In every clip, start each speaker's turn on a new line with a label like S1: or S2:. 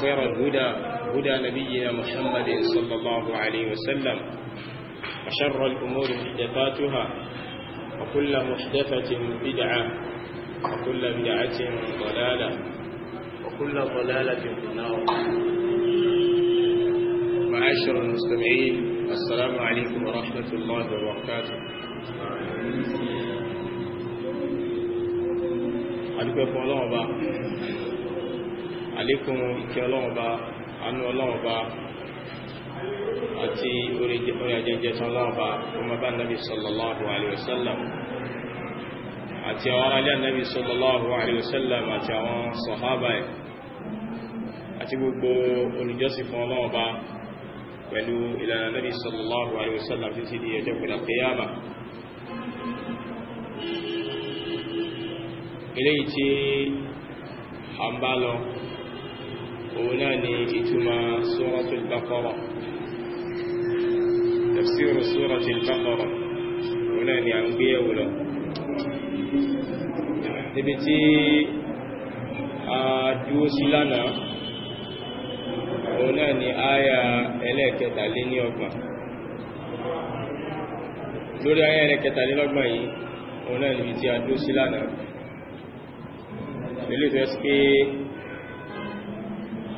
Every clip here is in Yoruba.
S1: خير الهدى هدى نبينا محمد صلى الله عليه وسلم وشر الأمور
S2: محدثاتها وكل محدثة بدعة وكل بدعة
S3: ضلالة وكل ضلالة في النار معاشر المستمعين السلام عليكم ورحمة الله وبركاته
S1: أدوكم الله وبركاته àlékún ìkẹ́ ọlọ́wọ̀ba anú ọlọ́wọ̀ba àti orí ajẹ́jẹ́ tán ọlọ́wọ̀ba ọmọba nabi sallallahu alaihi wasallam àti àwọn aráalé nabi sallallahu alaihi wasallam àti àwọn sọ̀hábà ẹ̀ àti gbogbo olùjọ́sìn fún ọlọ́wọ̀ba pẹ̀lú ìlànà nabi sallallahu alaihi wasallam títí eléyìí tí a ń bá lọ òun náà ni ìtumọ̀ suratul Baqara tafsir suratul Baqara òun náà ni à ń gbé ẹ̀wò lọ níbi tí a dúó sí lánàá òun náà ni áyà ẹlẹ́ẹ̀kẹtàlélọ́gbọ̀n lórí áyà ẹlẹ́ẹ̀kẹtàlélọ́gbọ̀n yìí òun náà níbi tí a dúó sí lánàá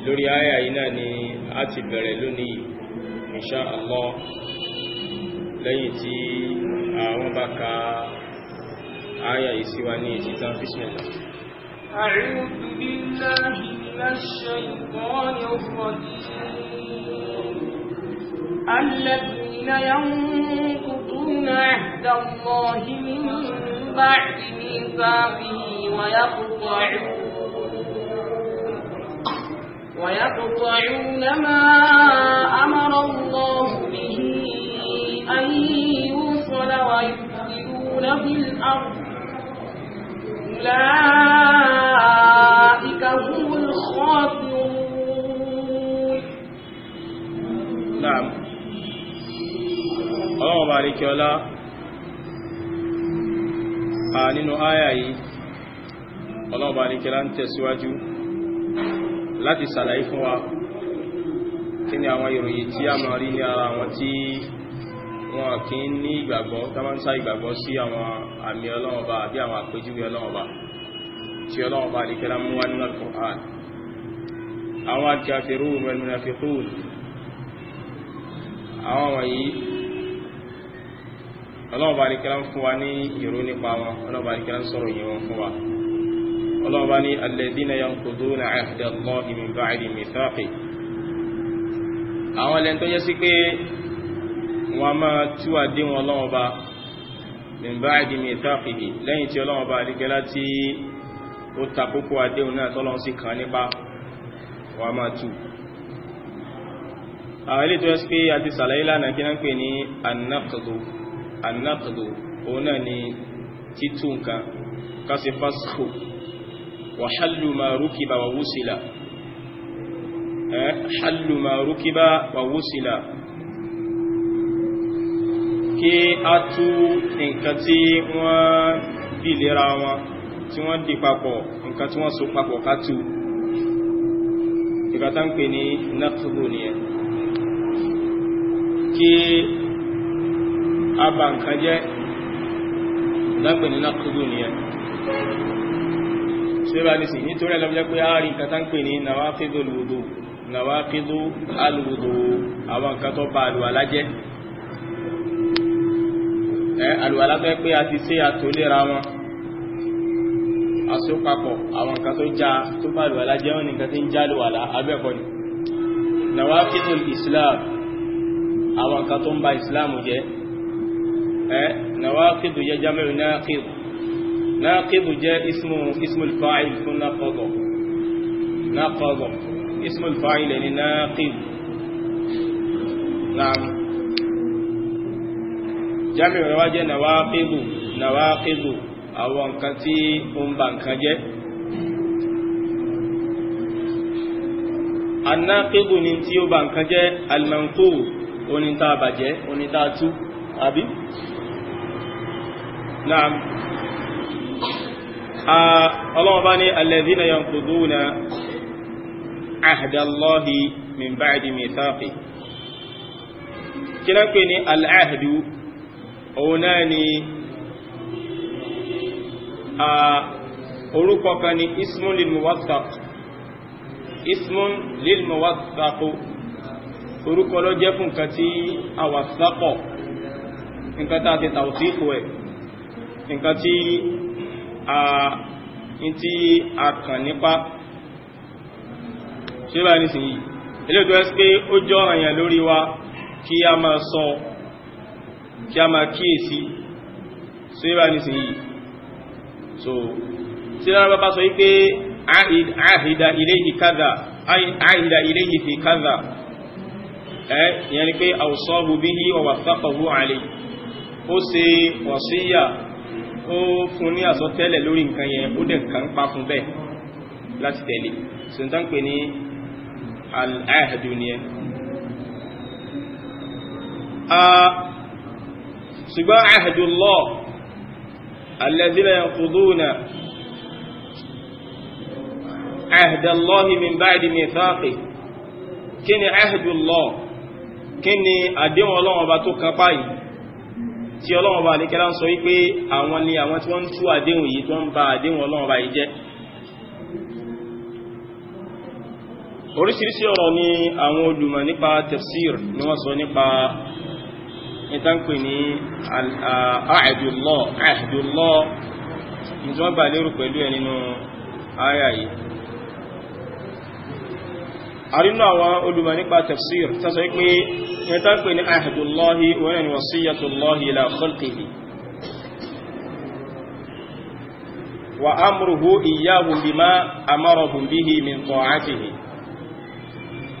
S1: lórí àyà yìí náà ni a ti bẹ̀rẹ̀ lónìí insha Allah lẹ́yìn tí àwọn bá ka àyà yìí wa ní ìsìtàn bismillah
S4: أعوذ بالله من الشيطان الرجيم
S3: الذين ينقضون عهد الله من بعد ميثاقه ويقطعون ويقطعون ما أمر الله به أن يوصل ويفسدون في الأرض أولئك هم
S4: الخاسرون نعم ọlọ́run
S1: bá ríkẹ́ ọlá a nínú áyà yìí ọlọ́run bá ríkẹ́ lá ń tẹ̀síwájú láti sàlàyé fún wa kí ni àwọn ìròyìn tí a máa rí ní ara àwọn tí wọn kì í ní ìgbàgbọ́ tamánsá ìgbàgbọ́ sí àwọn àmì ọlọ́ọ̀bá àbí àwọn àpèjúwe ọlọ́ọ̀bá tí ọlọ́ọ̀bá àdíkẹ́lá mú wá nínú Al-Qur'an àwọn al-kafirun wal-munafiqun ọlọ́run bá ní alladhina yanquduna ahda Allahi min ba'di mithaqi àwọn ẹlẹ́ni tó yẹ sí pé wọ́n máa tú àdéhùn ọlọ́run bá min ba'di mithaqi lẹ́yìn tí ọlọ́run bá rígẹ́ láti ó ta kókó àdéhùn náà tọ́lọ́run sì kàn nípa wọ́n máa tú àwọn ilé tó yẹ sí pé àti sàlàyé lánàá kí náà pè ní an-naqdu òun náà ni títú nǹkan kásì وحل ما ركب ووصل حل ما ركب ووصل kí a tú nǹkan tí wọ́n dìlera wọn tí wọ́n dì papọ̀ nǹkan tí wọ́n so papọ̀ ká tú ìgbàtà ń pè ní naqdu ni ẹ̀ kí a bà nǹkan jẹ́ lápẹ̀ ní naqdu ni ẹ̀ ṣe bá ní sí nítorí ẹlọ́bíjẹ́ pé a rí nǹkan tán pè ní nàwáfídó alwudu nàwáfídó alwudu àwọn nǹkan tó bá àlùwàlá jẹ́ àlùwàlá tó pé a ti ṣe àtòlera wọn asopapọ̀ àwọn nǹkan tó já tó bá àlùwàlá jẹ́ wọn nǹkan tí ń já àlùwàlá abẹ́ẹ̀kọ́ ni nàwáfídó islam ناقض جاء اسمه اسم الفاعل فن نقض نقض اسم الفاعل يعني ناقض نعم جمع رواجه نواقض نواقض àwọn nǹkan tí ó ń ba nǹkan jẹ́ anákébù ni tí ó ba nǹkan jẹ́ alimanko oníta àbàjẹ́ oníta tú àbí náà ọlọ́wọ́bá ní alladhina yanquduna ahdallahi min ba'di mithaqi kí náà pè ní al'ahdu òun náà ni orúkọ kan ní ismun lil muwaththaq ismun lil orúkọ ló jẹ́ fún nǹkan tí nǹkan tí a ti ẹ̀ nǹkan tí a ntí a kàn nípa ṣé bá nísìnyí eléyìí tó ẹ́ pé ó jọ àyàn lórí wa kí a máa sọ kí a máa kíyèsí ṣé bá nísìnyí so tí lára bá sọ wípé àhìdà ilayhi kadha àhìdà ilayhi fi ẹ́ ìyẹn ni pé awsahu bihi wa wathaqahu alayhi ó ṣe ó fún ní àsọtẹ́lẹ̀ lórí nǹkan yẹn ó dẹ̀ kàn pa fún bẹ́ẹ̀ láti tẹ̀lé sọ̀tàn pè ní al-ahdu nìyẹn ṣùgbọ́n ahdullah alladhina yanquduna ahdallahi kí ni ahdullah kí ni àdéhùn ọlọ́wọ́n ọba tó kan báyìí tí ọlọ́run ọba àlékẹ́lá ń sọ wípé àwọn ni àwọn tí wọ́n ń tú àdéhùn yìí tí wọ́n ń ba àdéhùn ọlọ́run ọba yìí jẹ́ oríṣiríṣi ọ̀rọ̀ ni àwọn olùmọ̀ nípa tafsir ni wọ́n sọ nípa ìtànkù ní àhìdùlọ́ ìjọba lérò pẹ̀lú ẹ̀ nínú àyà àrínú àwọn olùmọ̀ nípa tafsir tàbí pé ẹ̀tàpẹ̀ ní ahdullahi wọ́n ni wasiyyatullahi ila khalqihi wa amruhu iyyahum bima amarahum bihi min ta'atihi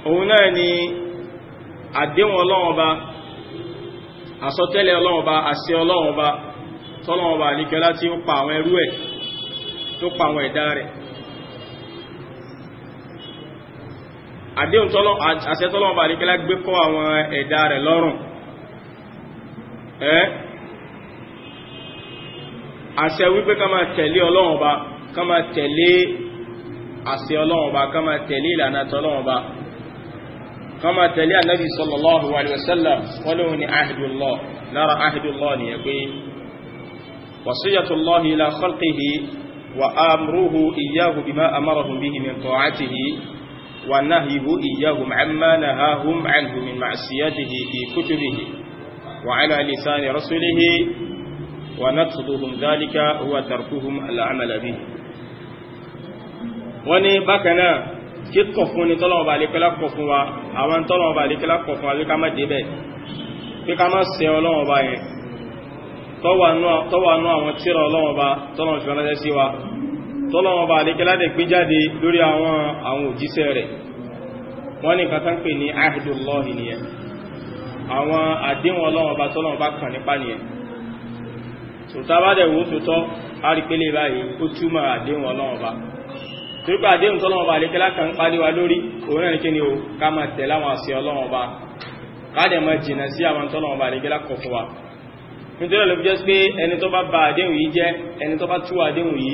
S1: òun náà ni àdéhùn ọlọ́wọ́ba àsọtẹ́lẹ̀ ọlọ́wọ́ba àṣẹ ọlọ́wọ́ba tọ́lọ́wọ́ba àníkẹ́lá tí ó àdéhùn tọ́lọ́ àṣẹ tọ́lọ́ bá ní kẹ́lá gbé kọ́ àwọn ẹ̀dá rẹ̀ lọ́rùn ẹ́ àṣẹ wípé ká máa tẹ̀lé ọlọ́run ọba ká máa tẹ̀lé àṣẹ ọlọ́run ọba ká máa tẹ̀lé ìlànà tọ́lọ́run ọba ká máa tẹ̀lé ànábì sallallahu alaihi wasallam wọ́n lóhun ni ahidullah lára ahidullah ni ẹ̀ pé wasiyatullahi ila khalqihi wa amruhu iyyahu bima amarahum bihi min ta'atihi ونهيه إياهم عما نهاهم عنه من معصيته في كتبه وعلى لسان رسوله ونقصدهم ذلك هو تركهم العمل به wani bákanáà kíkọ̀ fún ni tọ́lọ̀ọ̀bà alékẹ́lá kọ̀ fún wa àwọn tọ́lọ̀ọ̀bà alékẹ́lá kọ̀ fún alékà má débẹ̀ kíká má ṣe ọlọ́ọ̀bà yẹn tọ́wà náà àwọn tíra ọlọ́ọ̀bà tọ́lọ̀ọ̀fẹ́ ránṣẹ́ sí wa tọ́lọ́wọ́n bá àdékẹ́lá dẹ̀ gbé jáde lórí àwọn àwọn òjíṣẹ́ rẹ̀ wọ́n ní nǹkan tán pè ní ahdullahi nìyẹn àwọn àdéhùn ọlọ́wọ́n bá tọ́lọ́wọ́n bá kàn nípa nìyẹn tòótá bá dẹ̀ wò ó tòótọ́ á rí pélé báyìí ó túmọ̀ àdéhùn ọlọ́wọ́n bá torípa àdéhùn tọ́lọ́wọ́n bá àdékẹ́lá kan pariwa lórí òun náà ní ni o ká máa tẹ̀ láwọn jìnà sí àwọn tọ́lọ́wọ́n bá àdékẹ́lá kọ̀ nítorí ọ̀lọ́bí jẹ́ pé ẹni tó bá ba àdéhùn yìí jẹ́ ẹni tó bá tú àdéhùn yìí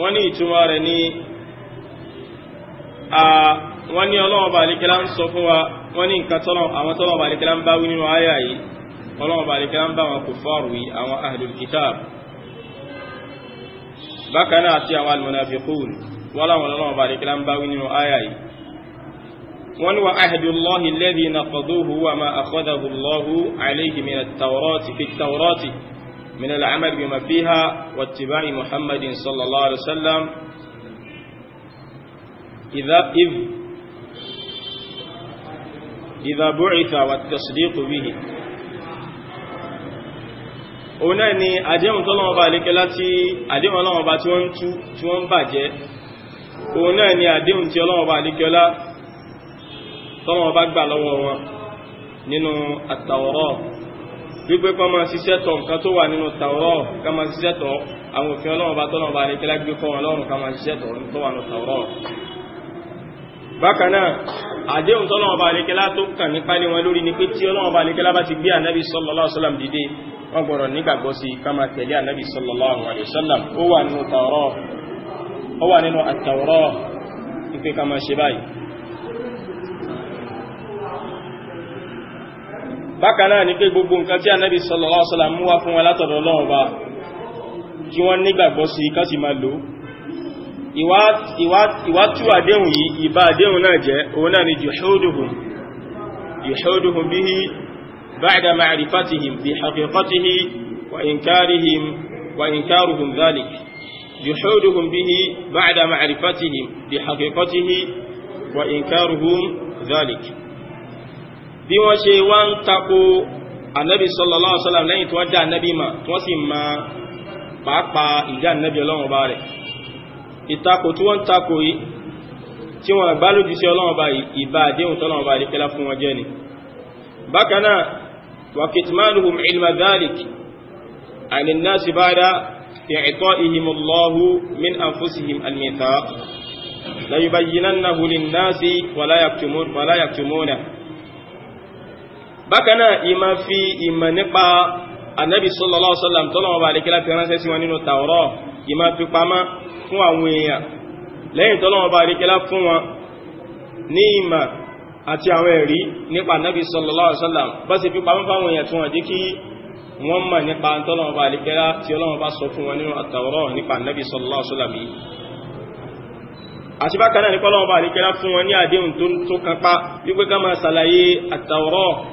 S1: wọ́n ní ìtumọ̀ rẹ̀ ní wọ́n ní ọlọ́wọ́ bàríkẹ́lá ń sọ fún wa wọ́n ní nǹkan tọ́lọ̀ àwọn tọ́lọ̀ bàríkẹ́lá ń bá wí nínú àyà yìí ọlọ́wọ́ bàríkẹ́lá ń bá wọn kuffar wí àwọn ahlul bákan náà àti àwọn al wọ́n láwọn ọlọ́wọ́ bàríkẹ́lá ń bá wí nínú àyà yìí wọ́n ní wa ahdullahi alladhi naqaduhu wa ma akhadahu Allahu alayhi من العمل بما فيها واتباع محمد صلى الله عليه وسلم إذا إذ إذا بعث والتصديق به ọ̀nà ni àdéhùn tọ́lọ́wọ́ bá lékẹ́ láti àdéhùn ọlọ́wọ́ bá tí wọ́n ń tú tí wọ́n ń bàjẹ́ ọ̀nà ni àdéhùn tí ọlọ́wọ́ bá lékẹ́ lá tọ́lọ́wọ́ bá gbà lọ́wọ́ wọn nínú àtàwọ̀rọ̀ wípé kọ́ máa ṣiṣẹ́ tọ̀ nǹkan tó wà nínú tàwọ́rọ̀ ká máa ṣiṣẹ́ tọ̀ àwọn òfin ọlọ́run bá tọ́lọ́run bá nìkẹ́lá gbé kọ́ wọn lọ́rùn ká máa ṣiṣẹ́ tọ̀ tó wà nínú tàwọ́rọ̀ bákan náà
S4: àdéhùn tọ́lọ́run bá nìkẹ́lá
S1: tó kàn nípa lé wọn lórí ni pé tí ọlọ́run bá nìkẹ́lá bá ti gbé ànábì sallallahu alaihi wasallam dìde wọ́n gbọ́dọ̀ nígbàgbọ́ sí ká máa tẹ̀lé ànábì sallallahu alaihi wasallam ó wà nínú tàwọ́rọ̀ ó wà nínú àtàwọ́rọ̀ ìpé ká máa ṣe báyìí bákan náà ni pé gbogbo nǹkan tí anábì sallallahu alaihi wasallam mú wá fún wa látọ̀dọ̀ Ọlọ́run bá kí wọ́n nígbàgbọ́ sí kán sì máa lò ìwá tú àdéhùn yìí ìbá àdéhùn náà jẹ́ òun náà ni juhuduhum yuhuduhum bihi ba'da ma'rifatihim bi bí wọ́n ṣe wá ń tako ànábì sallallahu alaihi wasallam lẹ́yìn tí wọ́n dá ànábì mà tí wọ́n sì ma pàápàá ìjà ànábì ọlọ́run ọba rẹ̀ ìtakò tí wọ́n ń takò yìí tí wọ́n bá lójú sí ọlọ́run ọba ìbá àdéhùn tọ́lọ́run ọba àdékẹ́lá fún wọn jẹ́ ni bákan náà wa kitmanuhum ilma dhalik ani nnasi min anfusihim al-mithaq la yubayyinannahu lin-nasi wa la yaktumuna bákan náà ìmọ̀ fi ìmọ̀ nípa anabi sallallahu alaihi wasallam tọ́lọ́wọ́ bá àdékẹ́lá fi ránṣẹ́ sí wọn nínú tàwọ́rọ́ ìmọ̀ fi pamọ́ fún àwọn èèyàn lẹ́yìn tọ́lọ́wọ́ bá àdékẹ́lá fún wọn ní ìmọ̀ àti àwọn ẹ̀rí nípa anabi sallallahu alaihi wasallam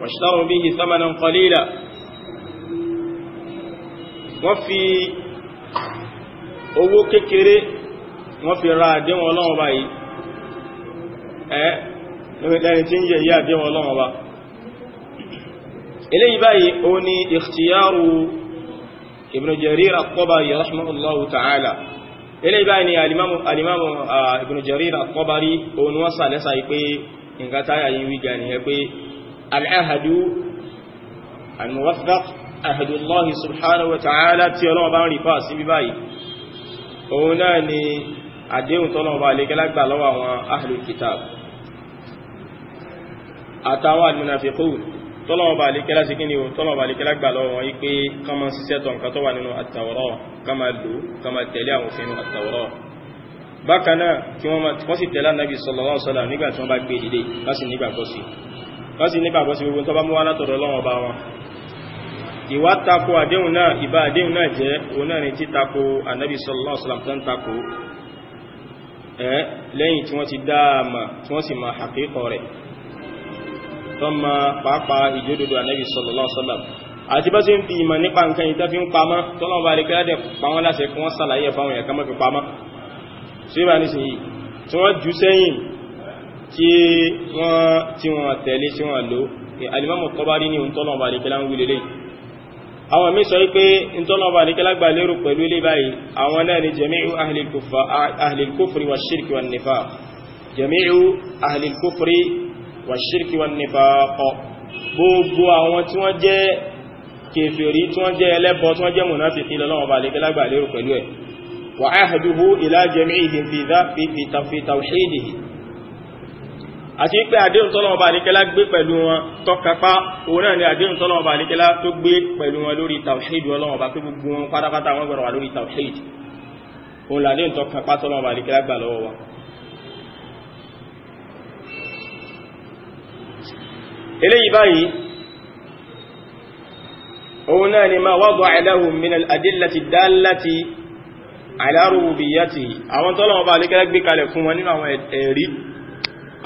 S1: واشتروا به ثمنا قليلا وفي fi owó kékeré wọ́n fi ra àdéhùn Ọlọ́run Ọba yìí ẹ́ lẹ́ni tí ń yẹ yí àdéhùn Ọlọ́run Ọba eléyìí báyìí ó ní ikhtiyaru Ibn Jarir at-Tabari rahimahullahu ta'ala eléyìí báyìí ni alimamu uh, Ibn Jarir at-Tabari òun wọ́n sà yìí pé nǹkan táyà yìí wí gani ẹ pé العهد الموثق عهد الله سبحانه وتعالى tí Ọlọ́run bá ń rí fáà sí bí báyìí òun náà ni àdéhùn tọ́lọ́run bá lè gẹ́lágbà lọ́wọ́ àwọn ahlul kitab àtàwọn almunafiqun tọ́lọ́run bá lè gẹ́lá sí kí ni o tọ́lọ́run bá lè gẹ́lágbà lọ́wọ́ wọn wípé kama ṣiṣẹ́ tọ́ nǹkan tó wà nínú àtàwọ̀rọ̀ kama lò kama tẹ̀lé àwọn òfin àtàwọ̀rọ̀ bákan náà kí wọ́n sì tẹ̀lé Ànábì sallallahu alaihi wasallam nígbà tí wọ́n bá gbé e dìde láti nígbàgbọ́ sí i wọ́n sì nígbàgbọ́ sí gbogbo tó bá mú wá látọ̀dọ̀ Ọlọ́run Ọba wọn ìwà tako àdéhùn náà ìbá àdéhùn náà jẹ́ òun náà ni títako ànábì sallallahu alaihi wasallam tó ń tako ẹ̀ lẹ́yìn tí wọ́n ti dáàmà tí wọ́n sì ma àkíkọ rẹ̀ tó ma pàápàá ìjódodo ànábì sallallahu alaihi wasallam àti bá sí ń fi ìmọ̀ nípa nǹkan ìtẹ́ fi ń pamọ́ tọ́lọ́ bá rí pé ládẹ̀ pàwọn láti ẹ̀kọ́ wọn sàlàyé fáwọn ẹ̀kọ́ tí wọ́n tí wọ́n tẹ̀lé tí wọ́n lò alìmọ́mù tọ́bá rí ní ìtọ́lọ̀bà àríkẹ́lá ń wí lélẹ̀ àwọn mí sọ wípé ìtọ́lọ̀bà àríkẹ́lá gbà lérò pẹ̀lú ilé báyìí àwọn náà ni jami'u ahlil kufri wa shirki wa nifaq jami'u ahlil kufri wa shirki wa nifaq gbogbo àwọn tí wọ́n jẹ́ kèfèrí tí wọ́n jẹ́ ẹlẹ́bọ tí wọ́n jẹ́ mùnáfíkí lọ́lọ́wọ́ bá lè gẹ́lágbà pẹ̀lú ẹ̀ wà áhàdúhú ila jami'ihim fi tawhidihi àti pé àdéhùn tọ́lọ́wọ́ bá níkẹ́lá gbé pẹ̀lú wọn tọ́kapá òun náà ni àdéhùn tọ́lọ́wọ́ bá níkẹ́lá tó gbé pẹ̀lú wọn lórí tawhid ọlọ́wọ́ bá pé gbogbo wọn pátápátá wọn gbọ́dọ̀ wà lórí tawhid òun làdéhùn tọ́kapá tọ́lọ́wọ́ bá àwọn tọ́lọ́wọ́ bá níkẹ́lá gbé kalẹ̀ fún wọn nínú àwọn ẹ̀rí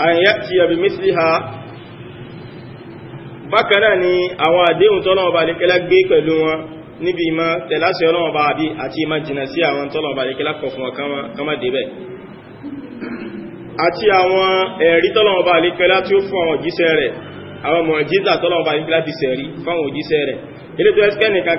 S1: an ya'tiya bi mithliha bákan náà ni àwọn àdéhùn tọ́lọ́wọ́ bá lékẹ́lá gbé pẹ̀lú wọn níbi ìmọ̀ tẹ̀láṣẹ́ ọlọ́wọ́ bá àbí àti ìmọ̀ jìnà sí àwọn tọ́lọ́wọ́ bá lékẹ́lá kọ̀ fún ọkàmọ́ débẹ̀ àti àwọn ẹ̀rí tọ́lọ́wọ́ bá lékẹ́lá tí ó fún àwọn òjíṣẹ́ rẹ̀ àwọn mọ̀jíza tọ́lọ́wọ́ bá lékẹ́lá ti sẹ̀rí fáwọn òjíṣẹ́ rẹ̀ ilé tó ẹ́sìkẹ́ nìkan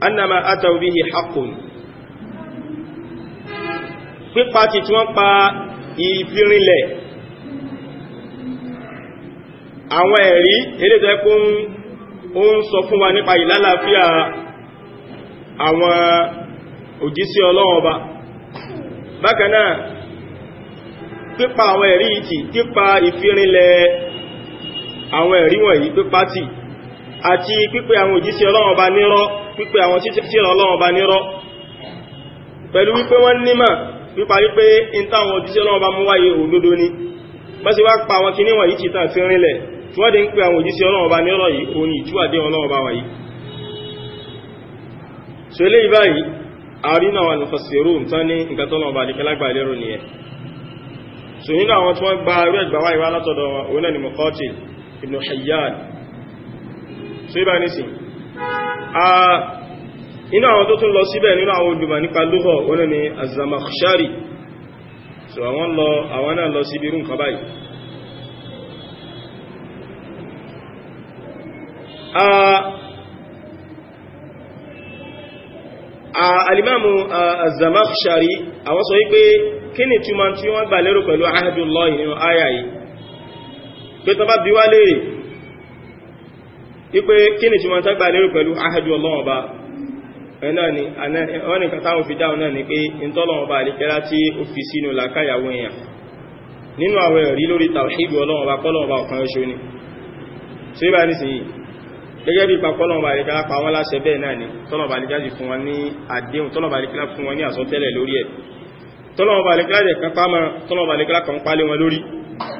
S1: anna ma ataw bihi haqqun pípa ti tí wọ́n pa ìfirinlẹ̀ àwọn ẹ̀rí eléjẹ́ kó ń sọ fún wa nípa ìlàlàáfíà àwọn òjíṣẹ́ Ọlọ́run Ọba bákan náà pípa àwọn ẹ̀rí ìtì pípa ìfirinlẹ̀ àwọn ẹ̀rí wọ̀nyí pípa tì àti pípé àwọn òjíṣẹ́ Ọlọ́run nírọ́ pípẹ àwọn tíra ọlọ́run ọba nírọ́ pẹ̀lú wípé wọ́n nímọ̀ nípa wípé in táwọn òjíṣẹ́ ọlọ́run ọba mú wáyé òdodo ni bá sì wá pa àwọn kiní wọ̀nyí ti tàn fi rinlẹ̀ tí wọ́n dé ń pè àwọn òjíṣẹ́ ọlọ́run ọba nírọ́ yìí ni ìtúwàdé ọlọ́run ọba wáyé so eléyìí báyìí àrínà àwọn alùfàṣẹ̀rù tán ní nǹkan tọ́nà ọba àdìkẹ́lágbà lérò nìyẹn so nínú àwọn tí wọ́n gba rí ẹgbà wáyé wá látọ̀dọ̀ wọn òun náà ni Muqatil ibn Hayyan so ibà nísìnyí inú àwọn tó tún lọ síbẹ̀ nínú àwọn olùmọ̀ nípa lóhọ̀ oní ni azamakhshari so àwọn lọ àwọn náà lọ síbi irú nǹkan báyìí alimamu azamakhshari àwọn sọ wípé kí ni túmọ̀ tí wọ́n gbà lérò pẹ̀lú ahadullahi nínú ayayi pé bí wá léèrè wípé kí ni ṣùgbọ́n tọ́gbà lérò pẹ̀lú ahadu ọlọ́wọ́ bá wọ́n ni kàtàwọn fi dáhùn náà ni pé ìntọ́lọ́wọ́ bá àlìkẹ́lá tí ó fi sínú làkáyàwó èèyàn nínú àwọn ẹ̀rí lórí tàwàhídù ọlọ́wọ́ bá kọ́lọ́wọ́ bá ọ̀kan ṣo ni tí ó bá ní sìn yìí gẹ́gẹ́ bí pakọ́lọ́wọ́ bá àlìkẹ́lá pa wọ́n láṣẹ bẹ́ẹ̀ náà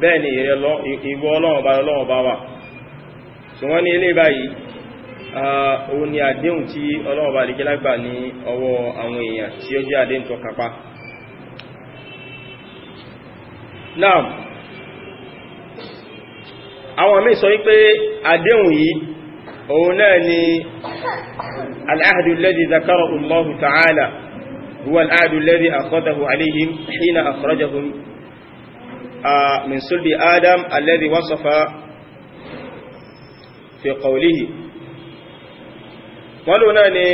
S1: bẹ́ẹ̀ ni ìwọ ọlọ́run bá ọlọ́run bá wà so wọ́n ilé báyìí ni àdéhùn tí ọlọ́run bá lè lágbà ní ọwọ́ àwọn èèyàn tí ó jẹ́ àdéhùn tó kápá náà àwọn mí sọ wípé àdéhùn ni ta'ala alihim من سلب آدم الذي وصف في قوله wọ́n lónà ni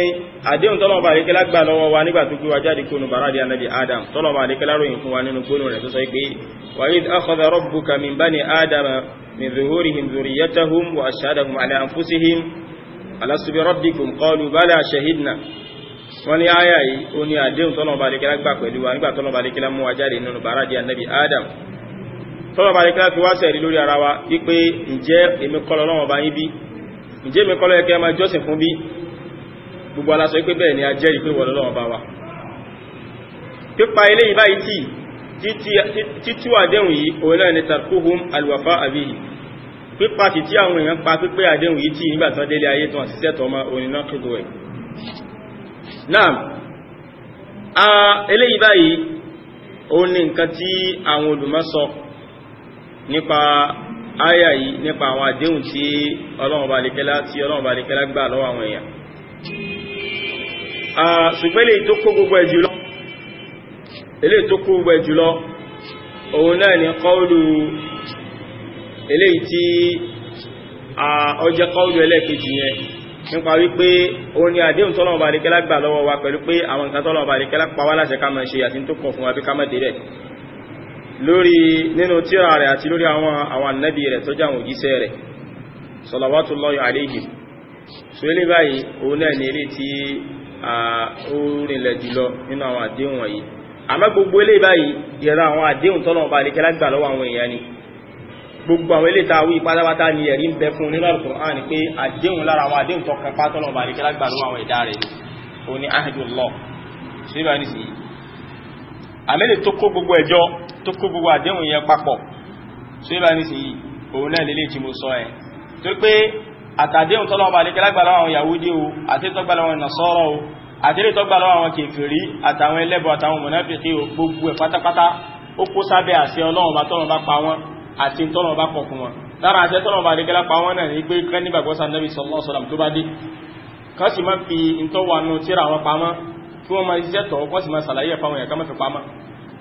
S1: àdéhùn tọ́lọ̀ bá àríkẹ́lá gbà lọ́wọ́ wa nígbà tó gbé wa jáde kónú bàrá àdí anábi adam tọ́lọ̀ bá àríkẹ́lá ròyìn fún wa nínú gbónú rẹ̀ tó sọ pé wàyí akọ̀dà rọ́bùka min bá ní adam min zuhurihim zuriyatahum wa ashadahum ala anfusihim alasubi rabbikum qalu bala shahidna wọ́n ní áyà yìí ó ní àdéhùn tọ́lọ̀ bá àríkẹ́lá gbà pẹ̀lú wa nígbà tọ́lọ̀ bá àríkẹ́lá mú wa jáde nínú bàrá àdí anábi adam tọ́lọ̀bà ní kíláàfi wá sẹ̀rí lórí ara wa wípé ǹjẹ́ èmi kọ́ lọ́wọ́ bá yín bí ǹjẹ́ èmi kọ́ lọ́yẹ́kẹ́ jọ́sìn fún bí gbogbo aláṣọ pé bẹ́ẹ̀ ni a jẹ́rìí pé wọ́n lọ́wọ́ bá wa pípa ilé yìí báyìí tí títú àdéhùn yìí òun náà ni tarkuhum alwafa abihi pípa sì tí àwọn èèyàn pa pípé àdéhùn yìí tí nígbà tán délé ayé tán àṣìṣẹ́ tọ́ ma òun iná kédo ẹ̀ náà nǹkan tí àwọn olùmọ̀ nípa áyà yìí nípa àwọn àdéhùn tí ọlọ́run bá lékẹ́lá tí ọlọ́run bá lékẹ́lá gbà lọ́wọ́ àwọn èèyàn ṣùgbọ́n èyí tó kó gbogbo ẹ̀ jùlọ tó kó gbogbo ẹ̀ òun náà ni kọ́ọ̀lù eléyìí tí ọjẹ́ kọ́ọ̀lù ẹlẹ́ẹ̀kejì yẹn nípa wípé ó ní àdéhùn tọ́lọ́run bá lékẹ́lá gbà lọ́wọ́ wa pẹ̀lú pé àwọn nǹkan tọ́lọ́run bá lékẹ́lá pa wá láṣẹ ká máa ṣe àti tó kọ̀ fún wa bí ká má dé bẹ́ẹ̀ lórí nínú tírà rẹ̀ àti lórí àwọn àwọn annabi rẹ̀ tó jáwọn òjíṣẹ́ rẹ̀ salawatullahi alayhi so ilé báyìí òun náà ní eré tí ó rìnlẹ̀ jùlọ nínú àwọn àdéhùn wọ̀nyí àmọ́ gbogbo ilé báyìí yẹra àwọn àdéhùn tọ́nà ọba àdékẹ́ lágbà lọ́wọ́ àwọn èèyàn ni gbogbo àwọn ilé tàwí pátápátá ni ẹ̀rí ń bẹ fún nínú Al-Qur'an pé àdéhùn tó kó gbogbo àdéhùn yẹn papọ̀ tó yẹ bá ní sí yìí òun náà lélẹ̀ tí mo sọ ẹ̀ tó pé àtàdéhùn tọ́lọ́ ọba àdékẹ́lá gbà lọ́wọ́ àwọn Yahudi o àti tọ́gbà lọ́wọ́ àwọn Nasara o àti lè tọ́gbà lọ́wọ́ àwọn kèfèrí àtàwọn ẹlẹ́bọ àtàwọn mọ̀nàfíkì o gbogbo ẹ̀ pátápátá ó kó sábẹ́ àṣẹ Ọlọ́run bá tọ́lọ́ bá pa wọn àti tọ́lọ́ bá pọ̀ fún fi ìtọ́wà nù tíra wọn pamọ́ kí wọ́n máa ṣiṣẹ́ tọ̀ kán sì máa ṣàlàyé ẹ̀ fáwọn ẹ̀ká mẹ́fẹ̀ pamọ́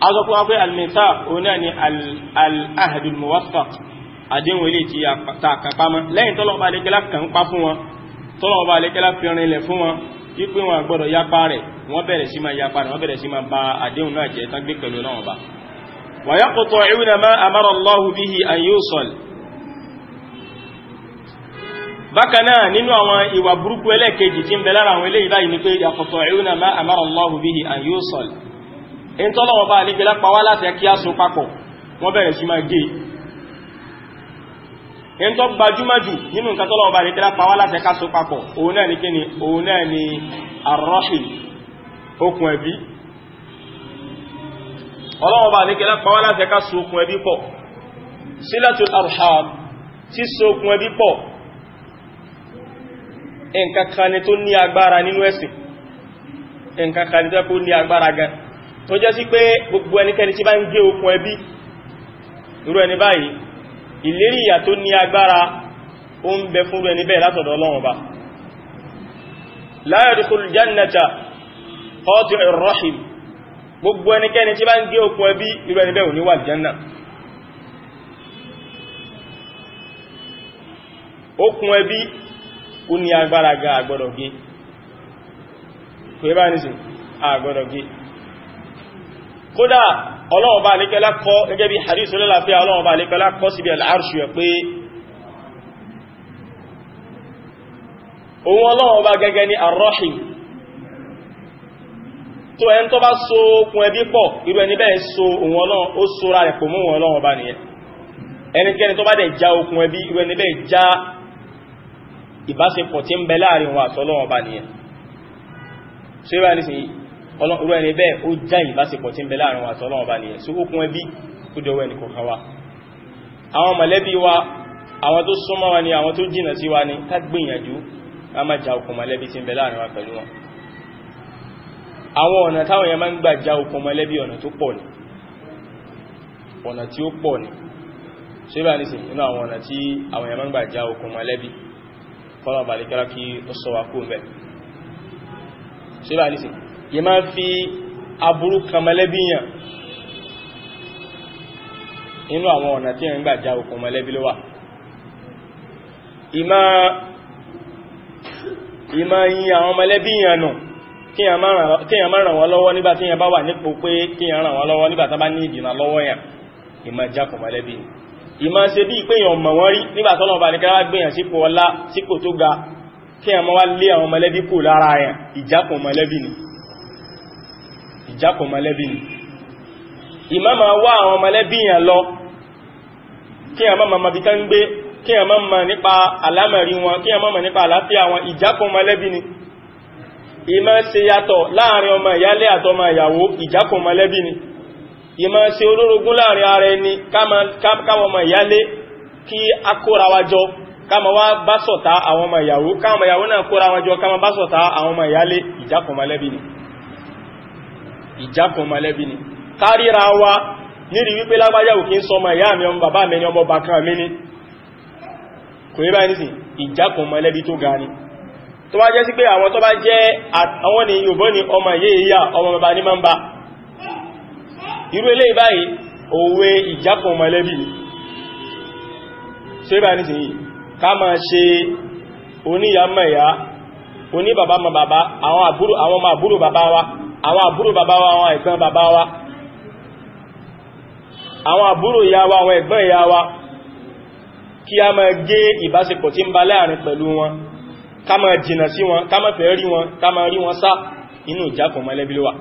S1: azọ́kú wá pé almithaq oní àni al'ahadul muwaffaq àdéhùn ilé tí ta kàpamọ́ lẹ́yìn tọ́lọ̀ọba alẹ́kẹ́lá kàn pa fún wọn tọ́lọ̀ọba alẹ́kẹ́lá fi rin ilẹ̀ fún wọn wípé wọn gbọ́dọ̀ yapa rẹ̀ wọ́n bẹ̀rẹ̀ sí ma yapa rẹ̀ wọ́n bẹ̀rẹ̀ in tọ́lọ́wọ́ bá alẹ́gbẹ̀lá pàwá láti kí á so papọ̀ wọ́n bẹ̀rẹ̀ sí máa gé in tọ́ gbajúmájù nínú nǹkan tọ́lọ́wọ́ bá alẹ́gbẹ̀lá pàwá láti ká so papọ̀ òun náà ni kíni òun náà ni arọ́ṣì okùn ẹbí ọlọ́wọ́ bá alẹ́gbẹ̀lá pàwá láti ká so okùn ẹbí pọ̀ sílatul arham tí so okùn ẹbí ni tó ní agbára nínú ni tó ní tó jẹ́ sí pé gbogbo ẹnikẹ́ni tí bá ń gé okùn ẹbí irú ẹni báyìí ìlérí ìyà tó ní agbára ó ń bẹ fún ẹni bẹ́ẹ̀ látọ̀dọ̀ Ọlọ́run Ọba la yadkhulul jannata qati'ur rahim gbogbo ẹnikẹ́ni tí bá ń gé okùn ẹbí irú ẹni bẹ́ẹ̀ ò ní wọ al kódà ọlọ́wọ́ bá alékẹ́lá kọ́ gẹ́gẹ́ bí hadith olólàfíà ọlọ́wọ́ bá alékẹ́lá kọ́ síbi al-arṣu ẹ̀ pé òun ọlọ́wọ́ bá gẹ́gẹ́ ní ar-rahim tó ẹn tó bá so okùn ẹbí pọ̀ irú ẹni bẹ́ẹ̀ so òun ọlọ́wọ́ ó sóra rẹ̀ ọlọ́rú ẹni bẹ́ẹ̀ ó já ìbáṣepọ̀ tí ń bẹ láàrin wa tọ́lọ́ ọba nìyẹn so okun ẹbí ó jọ ẹni kọ̀ọ̀kan wa àwọn mọ̀lẹ́bí wa àwọn tó súnmọ́ wa ni àwọn tó jìnà sí wa ni ká gbìyànjú ká má ja okun mọ̀lẹ́bí tí ń bẹ láàrin wa pẹ̀lú wọn àwọn ọ̀nà táwọn yẹn máa ń gbà já okun mọ̀lẹ́bí ọ̀nà tó pọ̀ ni ọ̀nà tí ó pọ̀ ni ṣe bá nísìn yẹ máa fi aburú kan mọ̀lẹ́bí yàn inú àwọn ọ̀nà tí yẹn ń gbà já okùn mọ̀lẹ́bí ló wà ìmá yí àwọn mọ̀lẹ́bí yàn nù kí yàn má ràn wọ́n lọ́wọ́ nígbà tí yàn bá wà nípò pé kí yàn ràn wọ́n lọ́wọ́ nígbà tán bá ní ìdìnà lọ́wọ́ yàn ìmá jákùn mọ̀lẹ́bí ìmá ṣe bí pé yàn mọ̀ wọ́n rí nígbà tọ́lọ̀ ga kí yàn má wá lé àwọn mọ̀lẹ́bí kù ìjákọ̀ mọ̀lẹ́bí ni ìmá ma wá àwọn mọ̀lẹ́bí yàn lọ kí a máa ma bí tán gbé kí a máa ma nípa alámẹ̀rí wọn kí a máa ma nípa àlàáfíà wọn ìjákọ̀ mọ̀lẹ́bí ni ìmá ṣe yàtọ̀ láàrin ọmọ ìyálé àtọmọ ìyàwó ìjákọ̀ mọ̀lẹ́bí ni ìmá ṣe olórogún láàrin ara ẹni káwọn ọmọ wá bá sọ̀tá àwọn ọmọ ìyàwó káwọn ìyàwó náà kóra wájọ káma bá sọ̀tá àwọn ọmọ ìyálé ìjákọ̀ ìjákan mọ̀lẹ́bí ni káríra wa níri wípé lágbájá òkè ń sọmọ ìyá mi ọmọ bàbá mi ni ọmọ bàkan mi ni kò yí báyìí nísìn ìjákan mọ̀lẹ́bí tó ga ni tó bá jẹ́ sí pé àwọn tó bá jẹ́ àwọn ni yóò ní ọmọ ìyé ìyá ọmọ bàbá ní máa ń ba irú eléyìí báyìí òwe ìjákan mọ̀lẹ́bí ni ṣe báyìí àwọn àbúrò bàbá wa àwọn àbúrò bàbá wa àwọn ẹ̀gbọ́n bàbá wa àwọn àbúrò ìyá wa àwọn ẹ̀gbọ́n ìyá wa kí a máa gé ìbáṣepọ̀ tí ń ba láàrin pẹ̀lú wọn ká máa jìnà sí wọn ká máa fẹ́ rí wọn ká máa rí wọn sá inú ìjákùn mọ́lẹ́bí ló wà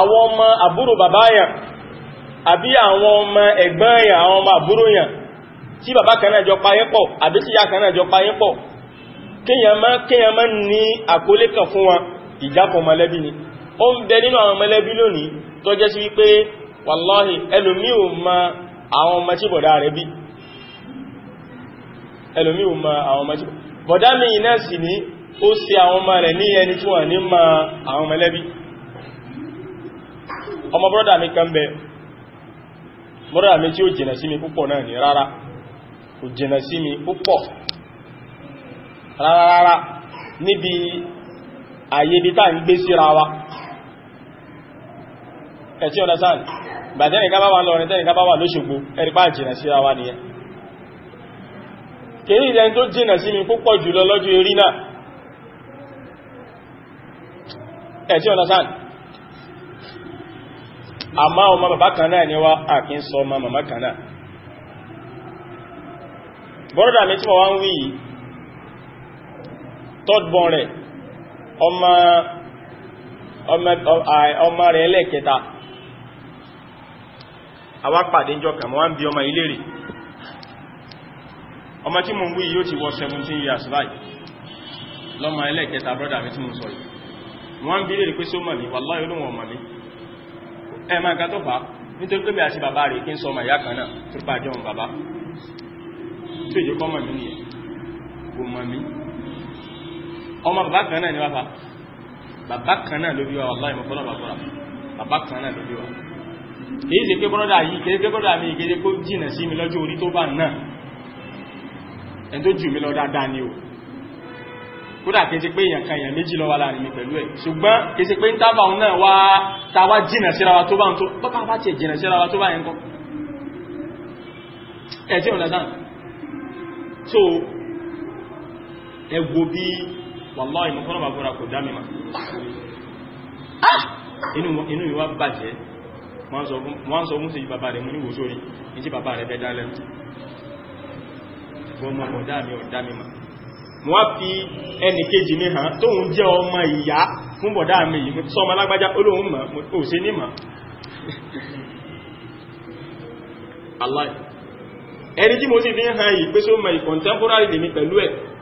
S1: àwọn ọmọ àbúrò bàbá yàn àbí àwọn ọmọ ẹ̀gbọ́n yàn àwọn ọmọ àbúrò yàn tí bàbá kan náà jọ payé pọ̀ àbí tí kan náà jọ payé pọ̀ kéèyàn máa ní àkólé kan fún wọn ìjápọ̀ mọ̀lẹ́bí ni ó ń bẹ nínú àwọn mọ̀lẹ́bí lónìí tó jẹ́ sí wípé wàláhì ẹlòmí ò ma àwọn ọmọ rẹ̀ bí ẹlòmí ò ma àwọn bọ̀dá mi iná sì ní ó ṣe àwọn ọmọ rẹ̀ ní ẹni tí wọ́n ní àwọn aye tá ń gbé síra wa ẹ̀tí ọ̀nà sáà bàtẹ́nìká bá wà lọ́rin tẹ́nìká bá wà lóṣogbo ẹ̀rìpá jìnà síra wa nìyẹn kèrí ìdẹni tó jìnà sí mi púpọ̀ jùlọ lọ́jọ́ eré náà ẹ̀tí ọ̀nà sáà àmá ọmọ bàbá ọmọ rẹ̀ ẹlẹ́ẹ̀kẹta àwa pàdé jọ kàmọ́ wá ń bí ọmọ ilé rẹ̀ ọmọ tí mo ń wí yóò ti wọ 17 years báyìí lọ́mọ ẹlẹ́ẹ̀kẹta brọ́dà mi tí mo sọ yìí wọ́n ń bí lè rí pé só mọ̀ ní mi ẹ máa ga tó bá nítorí pé bí àti bàbá rẹ̀ kí ń sọ ọmọ ọmọ bàbá kan náà ni wá fa bàbá kan náà ló bí wa wàláhì mọ̀ fọ́lọ́ bàbá bàbá kan náà ló bí wa kìí ṣe pé bọ́dà yìí kìí ṣe pé mi ìgèrè kó jìnà sí mi lọ́jọ́ orí tó bá náà ẹni tó jù mí lọ dáadáa ni o kódà kìí ṣe pé èèyàn kan èèyàn méjì ló láàrin mi pẹ̀lú ẹ̀ ṣùgbọ́n kìí ṣe pé ń tábà òun náà wá ta wá jìnà síra wa tó bá ń tó bọ́pá bá tiẹ̀ jìnà síra wa tó bá yẹn kọ́ ẹ̀ tí ò lọ́sàn so ẹ wo bí wàláì mọ̀ fọ́nà bàbúrà kò dámì ma ah! inú ìwà bàjẹ́ wọ́n sọ fún sí bàbá rẹ̀ mú ní wò sórí ní tí bàbá rẹ̀ bẹ́ dálẹ̀ jẹ́ fún bọ̀dá mi yìí sọmọ alágbájá olóhun mọ̀ ò sí ní mọ̀ ẹni tí mo sì fi yìí pé só mọ̀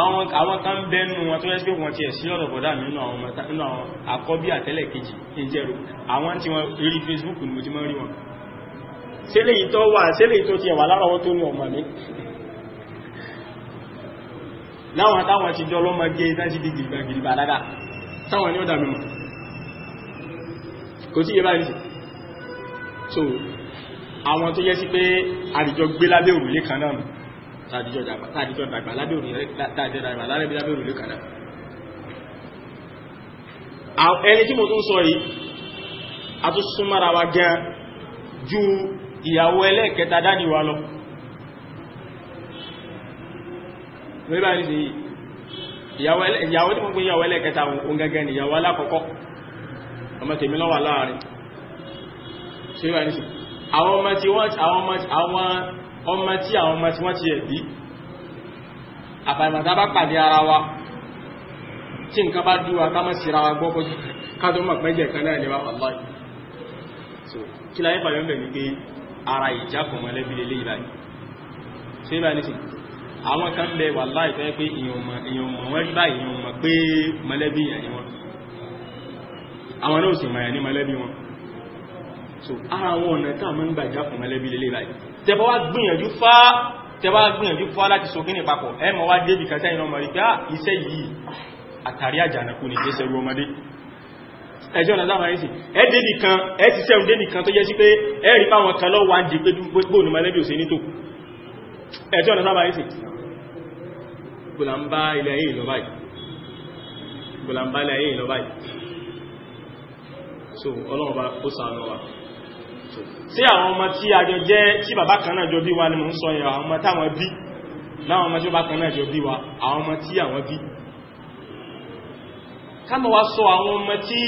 S1: àwọn àwọn kan bẹnu wọn tó yẹ pé wọn ti ẹ̀sí ọ̀rọ̀ bọ̀dá mi nínú àwọn nínú àwọn àkọ́bí àtẹ́lẹ̀ kejì ní jẹ́rù àwọn tí wọ́n rí Facebook ni mo ti máa rí wọn sílé ìtọ́ wà sílé ìtọ́ ti ẹ̀wà lárọ̀wọ́ tó ní ọmọ mi láwọn táwọn ti jọ lọ́mọ gé tájí di gidigba dáadáa táwọn ní ọ̀dà mímọ̀ kò tí yé báyìí so àwọn tó yẹ sí pé àdìjọ gbé lábẹ́ òrùlé kan náà tàdíjọ́ dàgbà lábẹ́ òrùlé kan náà ẹni tí mo tún sọ yìí a tún súnmọ́ra ju ìyàwó ẹlẹ́ẹ̀kẹta dání wa lọ lórí báyìí sí ìyàwó tí mo gbé ìyàwó ẹlẹ́ẹ̀kẹta òun gẹ́gẹ́ ni ìyàwó alákọ̀ọ́kọ́ ọmọ tèmi ló láàrin ṣe báyìí sí àwọn ọmọ tí wọ́n ọmọ tí àwọn ọmọ tí wọ́n ti ẹ̀bí àbàmàtà bá pàdé ara wa tí nǹkan bá dúwà ká mọ́ síra wa gbọ́kọ́ kátó mọ̀ pẹ́jẹ̀ kan náà níwá wàláì so kí láyé fàyọ́ bẹ̀ ní pé ara ìjákùn mọ́lẹ́bí lélé ìbáyìí so ìbá ní sí àwọn kan bẹ ni wọ́n àwọn náà sì mọ̀ ní mọ́lẹ́bí wọn so ara wọn mọ́ ń gbà ìjákùn mọ́lẹ́bí lélé ìbáyìí tẹ́bọ́ wá gbìyànjú fá tẹ́bọ́ wá gbìyànjú fá láti sókè ní papọ̀ ẹ mọ̀ wá débì kàtà ìran mọ̀rí pé ah, iṣẹ́ yìí àtàrí àjànàkú ní kéṣẹ́ ru ọmọdé ẹjọ́ ọ̀nà dáwọn ẹ̀sì ẹ débì kan ẹ ti sẹ́rùn débì kan tó jẹ́ sí pé ẹ rí páwọn kan lọ́wọ́ àǹdí pé gbóònù mọ̀lẹ́bí ò sí nítò ẹjọ́ ọ̀nà dáwọn ẹ̀sì gbòlàmbá ilẹ̀ ayé ìlọ báyìí gbòlàmbá ilẹ̀ ayé ìlọ báyìí so ọlọ́run bá ó sàánú wa sí àwọn ọmọ tí àjọ jẹ́ tí bàbá kan náà jọ bí wa ni mò ń sọ yẹn àwọn ọmọ táwọn bí láwọn ọmọ tí bàbá kan náà jọ bí wa àwọn ọmọ tí àwọn bí kámọ̀ wá sọ àwọn ọmọ tí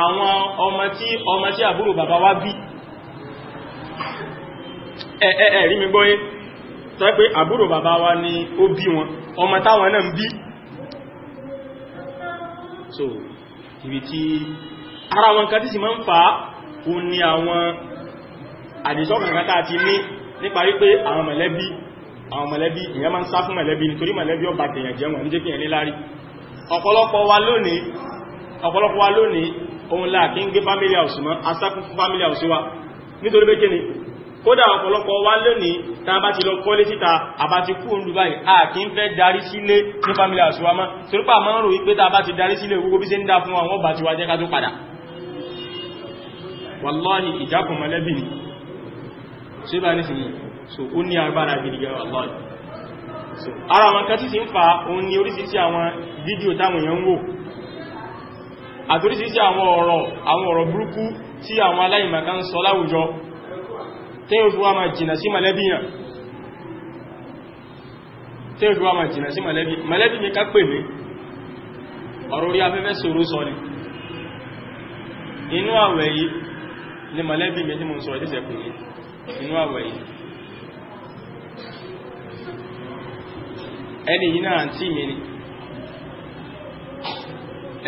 S1: àwọn ọmọ tí ọmọ tí àbúrò bàbá wa bí ẹ̀ẹ̀ẹ̀rí mi gbọ́yé tó pé àbúrò bàbá wa ni ó bí wọn ọmọ táwọn náà ń bí so ibi tí ara wọn kan tí sì máa ń fàá ó ní àwọn àdìsọ́kànkan tá a ní nípa wípé àwọn mọ̀lẹ́bí àwọn mọ̀lẹ́bí ìyẹn máa ń sá fún mọ̀lẹ́bí nítorí mọ̀lẹ́bí ọba tèèyàn jẹ́ wọn jẹ́ kíyàn ọ̀pọ̀lọpọ̀ wa lónìí ọ̀pọ̀lọpọ̀ wa lónìí ohun láà kí ń gé family house mọ́ asákún fún family house wa nítorí pé kíni kódà ọ̀pọ̀lọpọ̀ wa lónìí tá a bá ti lọ kọ́lé síta àbá ti kú ń Dubai a kì ń fẹ́ darí sílé ní family house wa mọ́ torípà máa ń rò wípé tá a bá ti darí sílé gbogbo bí ṣe ń dá fún àwọn ọba tiwa jẹ́ wallahi ìjákùn mọ̀lẹ́bí ni ṣe bá ní sí ni so ó ní agbára gidigan wallahi so ara wọn kan tí ti ń fa òun ni orísìí àwọn fídíò táwọn èèyàn ń wò àtorísìí àwọn ọ̀rọ̀ àwọn ọ̀rọ̀ burúkú tí àwọn aláìmọ̀ká ń sọ láwùjọ tí ó fi wá máa jìnà sí mọ̀lẹ́bí yàn tí ó ní mọ̀lẹ́bí mi tí mo ń sọ ìdíṣẹ́ pé inú àwẹ̀ yìí ẹni yìí náà àǹtí mi ni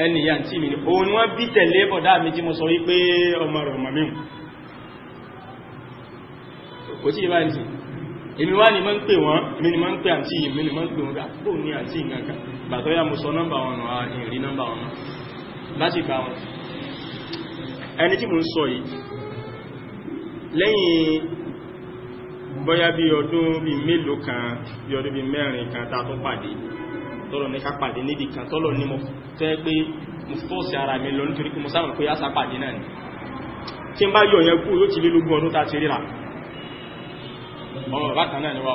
S1: ẹni yìí àǹtí mi ni òun ni wọ́n bí tẹ̀lé bọ̀dá mi tí mo sọ wípé ọmọ rẹ̀ ọmọ mímu kò tí ìbá ní sí èmi wá ni mọ́ ń pè àǹtí yìí èmi ni mọ́ ń pè wọ́n gbò ní àǹtí ìgbàgbà gbàtọ́ ẹni tí mo ń sọ yìí lẹ́yìn bóyá bí ọdún bí mélòó kan bí ọdún bí mẹ́rin kan tá pàdé tọ́lọ̀ ní ká kan tọ́lọ̀ ní mo fẹ́ pé mo fọ́ọ̀sì ara mi lọ nítorí pé mo sáàmù pé yásá pàdé náà ni tí n bá yọ yẹn kú yóò ti lé lógún ọdún tá ríra ọmọ bákan náà ni wà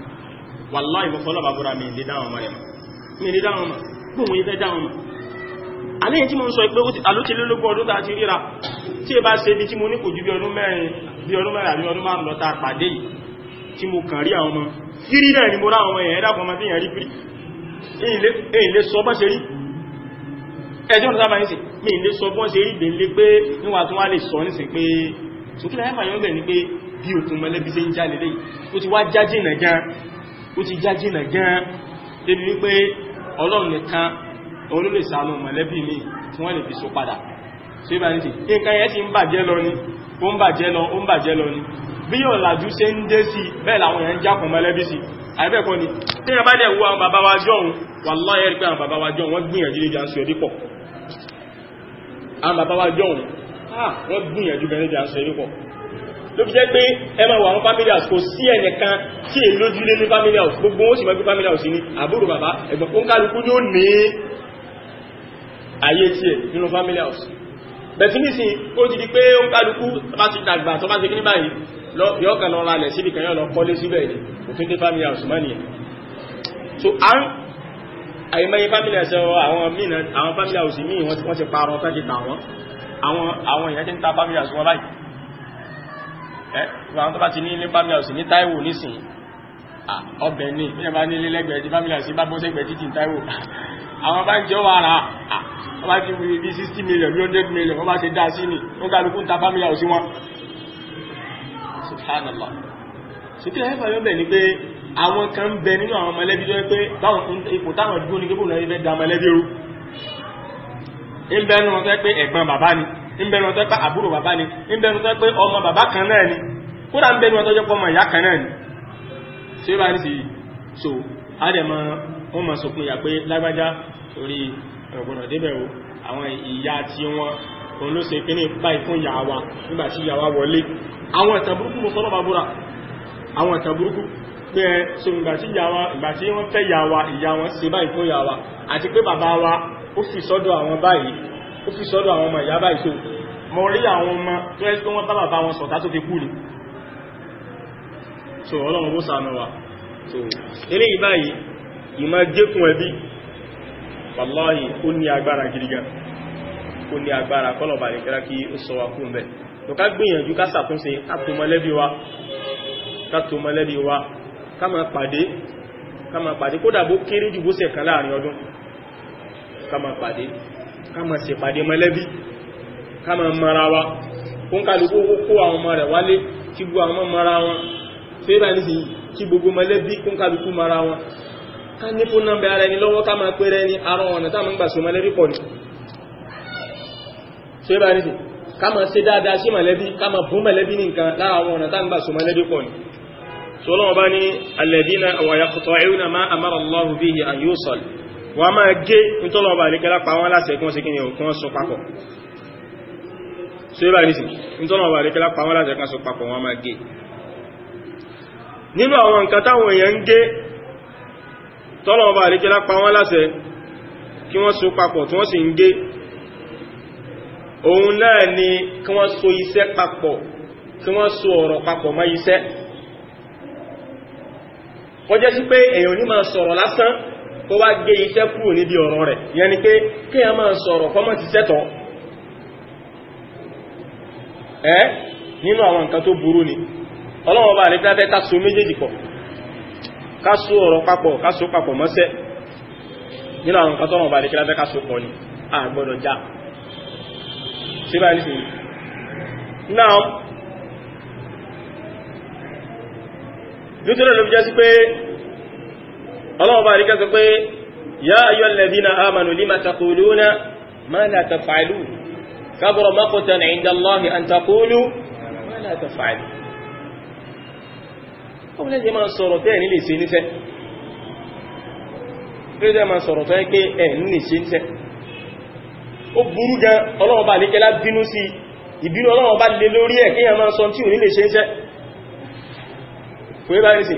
S1: wàláì mọ́fọ́lọ́ bàbúrà mi lè dáhùn mọ́rẹ̀ mi lè dáhùn mọ́ gbóhun ilẹ̀ dáhùn mọ́ àléyìn tí mo ń sọ pé alótìlélógún ọdún tàà ti ríra tí ẹ bá ṣe bí tí mo ní kò ju bí ọdún mẹ́rin bí ọdún mẹ́rin àbí ọdún márùn lọ́ta pàdé yìí tí mo kàn rí àwọn ọmọ fírí náà ni mo rá àwọn èèyàn ẹ̀dàkùn ọmọ tí èèyàn rí fírí èyí lè sọ bọ́ ṣe rí ẹjọ́ ọ̀nà sábà nísìn mi lè sọ bọ́ ṣe rí bè lé pé níwà bẹ̀ ni pé bí òkun mọ̀lẹ́bí ṣe ń já lélẹ́yìn ó ti wá já jìnà ó ti já jìnà gan débi wípé ọlọ́run nìkan òun ló mọ̀lẹ́bí mi tí wọ́n fi so padà ṣé bá ní sí nǹkan yẹn ti ń bàjẹ́ lọ ni ó ń bàjẹ́ lọ ó ń bàjẹ́ lọ ni bí ọ̀làjú ṣe ń dé sí bẹ́ẹ̀ làwọn èèyàn jákùn mọ̀lẹ́bí sí àìbẹ́ẹ̀kọ́ ni tí wọ́n bá dẹ̀ wo àwọn bàbá wa jọ̀hún wàláyé rí pé àwọn bàbá wa jọ̀hún wọ́n ló fi jẹ́ pé ẹ máa wà àwọn family house kò sí ẹnìkan tí è lójúlé ní family house gbogbo ó sì mọ́ pé family house ní àbúrò bàbá ẹ̀gbọ́n ó ń kálukú yóò ní ayé tí ẹ̀ nínú family house bẹ̀tí nísìn ó ti di pé ó ń kálukú bá ti dàgbà tó bá ti kíní báyìí yọ́ kan lọ ra lẹ̀ síbi kan yọ́ lọ kọ́lé síbẹ̀ ni kò tó dé family house mọ́ nìyẹn so à ń àìmọye family house àwọn mìíràn àwọn family house míì wọ́n ti parọ́ fẹ́ ti tà wọ́n àwọn èèyàn ti ń ta family house wọn báyìí ẹ́ àwọn tó bá ti ní ilé family house ní Táíwò nísìn ọbẹ̀ ní ìpínlẹ̀ bá ní ilé lẹ́gbẹ̀ẹ́ ti family house bá bọ́ sẹ́gbẹ̀ẹ́ títì Táíwò àwọn bá ń jẹ́ wà rà ti wùí bí 60 million 100 million wọ́n bá ṣe dá sí ní wọ́n kálukú ta family subhanallah ṣùgbọ́n ẹ̀fà yóò bẹ̀ ni pé àwọn kan ń bẹ nínú àwọn mọ̀lẹ́bí tó yẹ pé báwọn ipò táwọn dúró ní gbogbo náà yẹ fẹ́ wọn ńbẹ̀rù ọ̀tọ́ pé àbúrò bàbá ni ńbẹ̀rù ọ̀tọ́ pé ọmọ bàbá kan náà ni kódà ńbẹ̀rù ọ̀tọ́ jẹ́ pọ́mọ ìyá kan náà ni ṣé bá ní sí so a dẹ̀ mọ wọ́n mọ̀ sókun ìyà pé lágbájá torí ọ̀gbọ̀nà débẹ̀ o àwọn ìyá tí wọn òun ló ṣe kíní báyìí fún ìyá wa nígbà tí ìyá wa wọlé àwọn ìtàn burúkú mo sọ́nà bàbúrà àwọn ìtàn pé ẹ so ìgbà tí wọ́n fẹ́ ìyá wa ìyá wọn ṣe báyìí àti pé bàbá wa ó fi sọ́dọ̀ àwọn báyìí ó fi sọ́dọ̀ àwọn ọmọ ìyá báyìí tó mọ̀ rí àwọn ọmọ tó ẹ́ tó wọ́n bá wọn sọ̀tá tó fi kú ni so ọlọ́run ó sànà wa so ilé ìbáyìí ìmọ̀ jẹ́kùn ẹbí wàláhì ó ní agbára gidigan ó ní agbára kọ́lọ̀bà lè kẹ́ra kí ó sọ wa kú mẹ́ tó ká gbìyànjú ká sàtúnṣe kátòmọ́lẹ́bí wa kátòmọ́lẹ́bí wa ká máa pàdé ká kéré jù bó sẹ̀ láàrin ọdún ká pàdé ká se ṣèpàdé mọ̀lẹ́bí ká máa mara wa fún kálukú kó àwọn ọmọ rẹ̀ wálé kí gbogbo àwọn mara wọn tí bá ní sí kí gbogbo mọ̀lẹ́bí fún kálukú mara wọn ká ní fún náà bẹ̀rẹ̀ ni lọ́wọ́ ká máa pẹ́rẹ́ ni ara ọ̀nà tá máa ń gbà so mọ̀lẹ́bí pọ̀ ni tí bá ní sí ká máa ṣe dáadáa máa bún mọ̀lẹ́bí ní nǹkan láàwọn ọ̀nà ma amara Allahu bihi an yusal wọ́n máa gé nítọ́lọ́ọ̀bà àríkẹ́lá pa wọ́n láṣẹ kí wọ́n ni òkun sọ papọ̀ so ibà nìsìn nítọ́lọ́ọ̀bà àríkẹ́lá pa wọ́n láṣẹ kí wọ́n sọ papọ̀ wọ́n máa gé nínú àwọn nǹkan táwọn èèyàn ń gé tọ́lọ́ọ̀bà àríkẹ́lá pa wọ́n láṣẹ kí wọ́n so papọ̀ tí ni kí wọ́n so iṣẹ́ papọ̀ sí pé èèyàn ní máa sọ̀rọ̀ lásán kó wá gé iṣẹ́ kúrò níbi ọ̀rọ̀ rẹ̀ yẹn ni pé kí a máa sọ̀rọ̀ kọ́mọ̀ ti sẹ́tọ̀ ẹ́ nínú àwọn nǹkan tó burú ni ọlọ́wọ́ bá méjèèjì pọ̀ ọ̀rọ̀ papọ̀ papọ̀ mọ́sẹ́ nínú àwọn nǹkan tọ́wọ́ ni já ọlọ́wọ́ bá ríkẹ́ sọ pé yá ayọ́ lẹ́bínà àmànù lima taquluna ma la taf'alu kabura maqtan 'inda Allahi an taqulu ma la taf'alu ọmọdé jẹ́ máa sọ̀rọ̀ sọ̀rọ̀ tẹ́ ma ẹ̀ níṣẹ́ ó ọlọ́wọ́ ní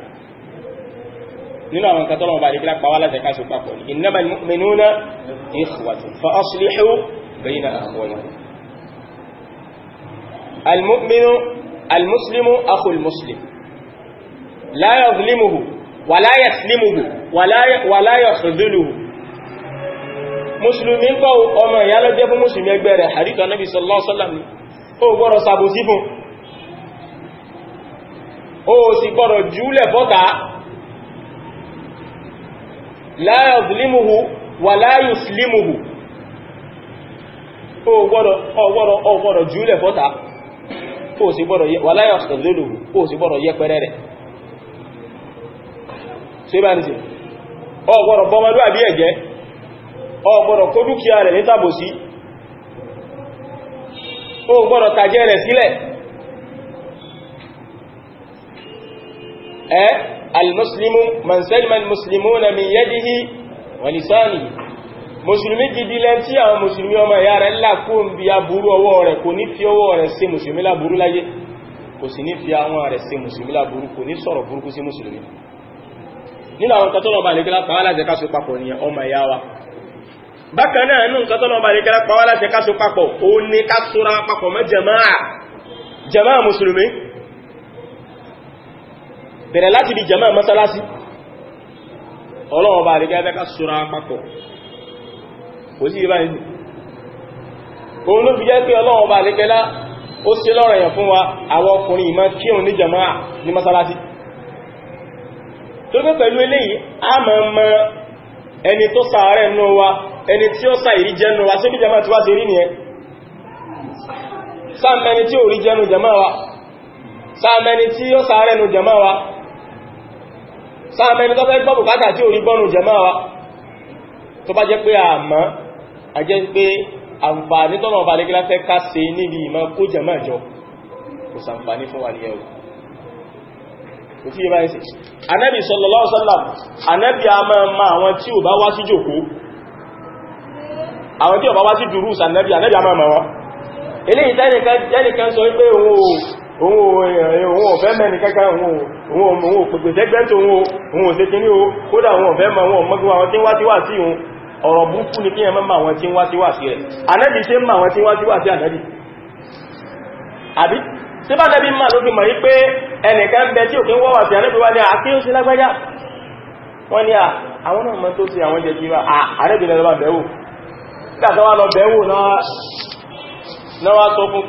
S1: nínú àwọn nǹkan tọ́lọ́wọ́ bá lè kílá pàwọ́ aláṣẹ káṣù papọ̀ ní innamal mu'minuna ikhwatun fa aslihu bayna akhawaykum al-mu'minu al-muslimu akhul muslim la yadhlimuhu wa la yaslimuhu wa la yakhdhuluhu musulmi kọ́ ọmọ ìyá ló jẹ́ fún musulmi ẹgbẹ́ sì gbọ́rọ̀ jùúlẹ̀ fọ́ta la yazlimuhu wà la yuslimuhu ó gbọ́dọ̀ ó gbọ́dọ̀ jùlẹ̀ fọ́ta ó sì gbọ́dọ̀ wà la yastadhiluhu ó sì gbọ́dọ̀ yẹpẹrẹ rẹ̀ ṣe bá ní sí ó gbọ́dọ̀ bọ́mọdú àbí ẹ̀jẹ́ ó gbọ́dọ̀ kó المسلم من سلم المسلمون من يده ولسانه mùsùlùmí gidi lẹ́n tí àwọn mùsùlùmí ọmọ ìyá rẹ̀ ńlá kó ń bí aburú ọwọ́ rẹ̀ kò ní fi ọwọ́ rẹ̀ ṣe mùsùlùmí láburú láyé kò sì ní fi àwọn rẹ̀ ṣe mùsùlùmí láburú kò ní sọ̀rọ̀ burúkú sí mùsùlùmí nínú àwọn katọ́lọ̀ bá lè gẹ́lá pàwọ́ láti ká so papọ̀ ní ọmọ ìyá wa bákan náà nínú katọ́lọ̀ bá lè gẹ́lá pàwọ́ láti ká so papọ̀ ó ní ká sóra papọ̀ mọ́ jàmáà jàmáà mùsùlùmí bẹ̀rẹ̀ láti di jamaa masalasi ọlọ́wọ́ rí gẹ́gẹ́ ká ṣúra papọ̀ kò sí ibá ìlú òun ló fi jẹ́ pé ọlọ́wọ́ rí gẹ́lá ó sí lọ́rọ̀ wa ọkùnrin ní ní masalasi tó pẹ̀lú eléyìí a ẹni tí ó wa rí jẹ́nu jama sáàmẹ́ ní tọ́fẹ́ gbọ́ bùkátà tí ò rí gbọ́nù jẹmọ́ wa tó bá jẹ́ pé àmọ́ àjẹ́ pé àǹfààní tọ́nà ọba lẹ́gílá fẹ́ ká ṣe níbi ìmọ̀ kó jẹmọ́ ìjọ kò sàǹfààní fún wa ní ẹ̀rù kò tí yẹba ẹsẹ̀ anẹ́bì sallallahu alaihi wasallam anẹ́bì a máa ma àwọn tí ò bá wá òun ọ̀fẹ́ mẹ́ni kẹ́kẹ́ òun òpèpè sẹ́gbẹ́ntò òun òsè kí ní o kódà òun ma wọn mọ́gbíwá wọn tí wá tí sí òun ọ̀rọ̀ kí ma wọn tí wá tí wá rẹ̀ ma tí wá tí sí anẹ́bì àbí tí bá nẹ́bí ma lókè mọ̀ wípé ẹnìkan bẹ tí òkè wọ́wà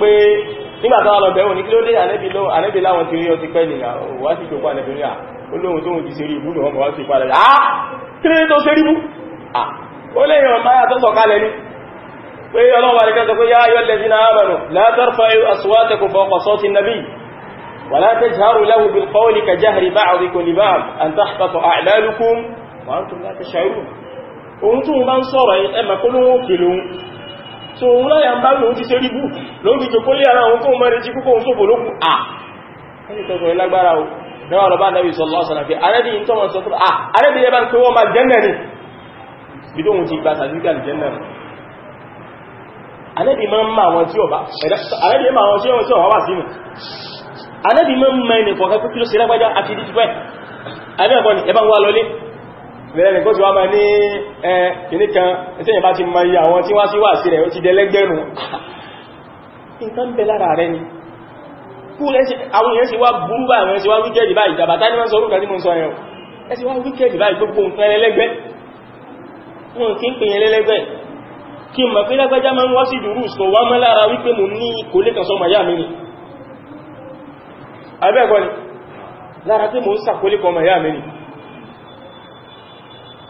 S1: sí wá nígbà tó lọ bẹ̀rún ní kí ló dé ànẹ́bì láwọn ti rí ọtí pẹ́ nìyà wá sí ìjọpá ànẹ́bì rí à olóhun tó ń ti ṣe rí ibú lòun wá sí ìpadà àá kí ló tó ṣe rí ibú ó lè yàn máa tó sọ̀kalẹ̀ ní pé ọlọ́wà rẹ̀ kẹta pé yá ayọ́ lẹ́sí náà mẹ́nu látọ́rfà aswatakum fawqa sawti nabi wa la tajharu lahu bil qawli ka jahri ba'dikum li ba'd an tahbata a'malukum wa antum la tash'urun ohun tó ń bá ń sọ̀rọ̀ ẹ̀mẹ́kọ́lówó kìlóhun so òun láyà ń bá lòun ti ṣe rí bú lòun ti jòkó lé ara òun kó mọ́ retí púpọ̀ òun sóbò lókùn à ah! ẹni tọ́gbọ̀n ẹ lágbára o lọ́wọ́ lọ bá nàbí sọ̀lọ́ ọ̀sánà pé arẹ́bìnrin tọ́mọ̀ sọ fún ah! à arẹ́bìnrin bá ń pè wọ́n máa jẹ́nà ni bí tóun ti gba sàdíkàlì jẹ́nà ni anẹ́bì máa ń ma àwọn tí ọba anẹ́bì máa àwọn tí ọwọ́ tí ọwọ́ wà sínú anẹ́bì máa ń ma ẹnì kọ̀ọ̀kan pípílọ́sí lágbájá àti ìdíjúwẹ́ anẹ́bì ẹbá ń bẹ̀rẹ̀ nìkan tí wá máa ní ẹ kìníkan ẹ̀tẹ́yìn bá ti mọ iye àwọn tí wá sí wà sí rẹ̀ ó ti dẹlẹ́gbẹ̀rún
S2: nǹkan bẹ lára
S1: rẹ̀ ni àwọn èèyàn sì wá burú bá àwọn èèyàn sì wá wíkẹ́ẹ̀dì báyìí ìjàbàtà ní wọ́n sọ orúkà tí mo ń sọ ẹ̀ ẹ̀ sì wá wíkẹ́ẹ̀dì báyìí gbogbo nǹkan ẹlẹ́gbẹ́ wọn kí ń pèyàn lẹ́lẹ́gbẹ́ kí mọ̀ pé lágbàjá máa ń wá sí ìdúrú sọ wá mọ́ lára wípé mo ní kò lè kàn sọmọ̀ yà mí ni àbẹ́ẹ̀kọ́ ni lára pé mo ń sàkólé kọmọ̀ yà mí ni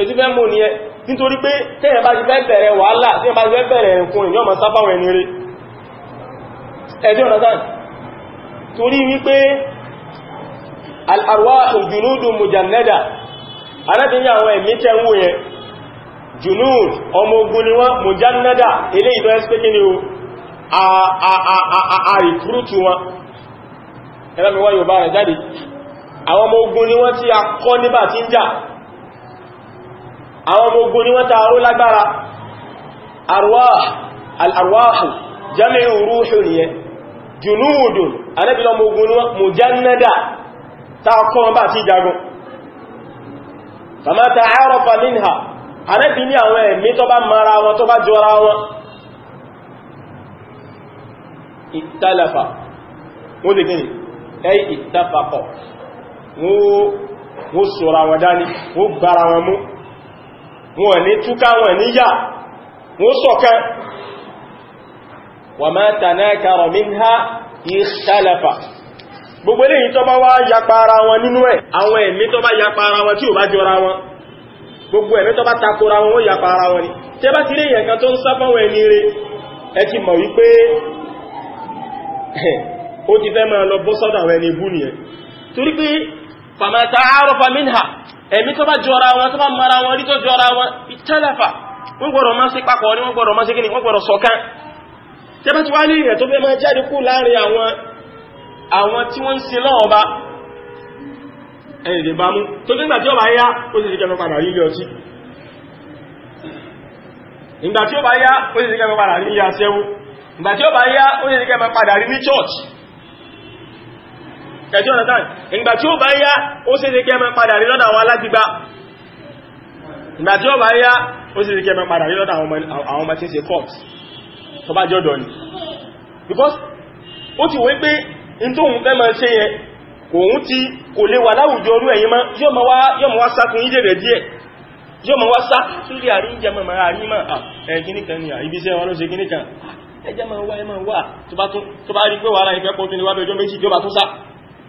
S1: ètí fẹ́ mọ́ ní ẹ nítorí pé tẹ́yẹ̀ bá ti fẹ́ bẹ̀rẹ̀ wàhálà tí ẹ bá ti fẹ́ bẹ̀rẹ̀ ẹ̀kùnrin yọ́ ma sáfáwọn ẹni rẹ̀ ẹjọ́ nàtàn torí wípé al'arwa junudu mujannada arábìnrin àwọn ẹ̀mí tẹ́ ọmọ ogun àwọn ọmọ ogun ni wọ́n taaró lágbára arwah al'arwahu jami'in ruhu niyẹ junudun anẹ́bìlọ ọmọ ogun ni wọ́n mujannada ta kọ́ bá ti jagun kama ta'arafa minha anẹ́bì ní àwọn ẹ̀mí tó bá mara wọn tó bá jọra wọn ìtàlẹ̀fà wọ́n sọ́ra wọn dání wọ́n gbára wọn mú wọn ní túká wọn ní yà wọ́n sọ̀kan wà máa tanakara minha ikhtalafa gbogbo eléyìí tó bá wá yapa ara wọn nínú ẹ̀ àwọn ẹ̀mí tó bá yapa ara wọn tí ò bá jọra wọn gbogbo ẹ̀mí tó bá takora wọn ó yapa ara wọn ni tẹ́ bá ti rí èyàn kan tó ń sáfáwọn ẹni rẹ̀ ẹ ti mọ̀ wípé ó ti fẹ́ máa lọ bọ́ sọ́dọ̀ àwọn ẹni bú nìyẹn torí pé fàmàtà àrọ̀fà mínà ẹ̀mí tó bá jọra wọn tó bá mara wọn rí tó jọra wọn ìtẹ́lẹ̀fà wọ́n gbọ́dọ̀ máa ṣe papọ̀ ní wọ́n gbọ́dọ̀ máa ṣe kí ni wọ́n gbọ́dọ̀ ṣọ̀kan tẹ́ bá ti wá ní ìyẹn tó fẹ́ máa jáde kú láàrin àwọn àwọn tí wọ́n ń ṣe lọ́wọ́ bá ẹni lè bá mú tó nígbà tí ó bá yá ó sì ṣe padà rí ilé ọtí ìgbà tí ó bá yá ó sì ṣe padà rí padà rí ní church ẹjọ́ ọ̀nàtàn ìgbà tí ó bá yá ó sì ti mẹ́ padà rí lọ́dọ̀ àwọn alágbígbá ó ti because ó ti wé pé in tó ń fẹ́ mọ́ ṣe yẹn òun ti kò lè wà láwùjọ orú ẹ̀yìn mọ́ yọ́ mọ́ wá sákun yí dèrè díẹ̀ yọ́ mọ́ wá sá sílé àríjẹ mọ́ mọ́ àrímọ̀ ẹ̀kíníkan ni àìbíṣẹ́ wọn ló ṣe kíníkan ẹjẹ́ mọ́ wá ẹmọ́ wà tó bá rí pé wà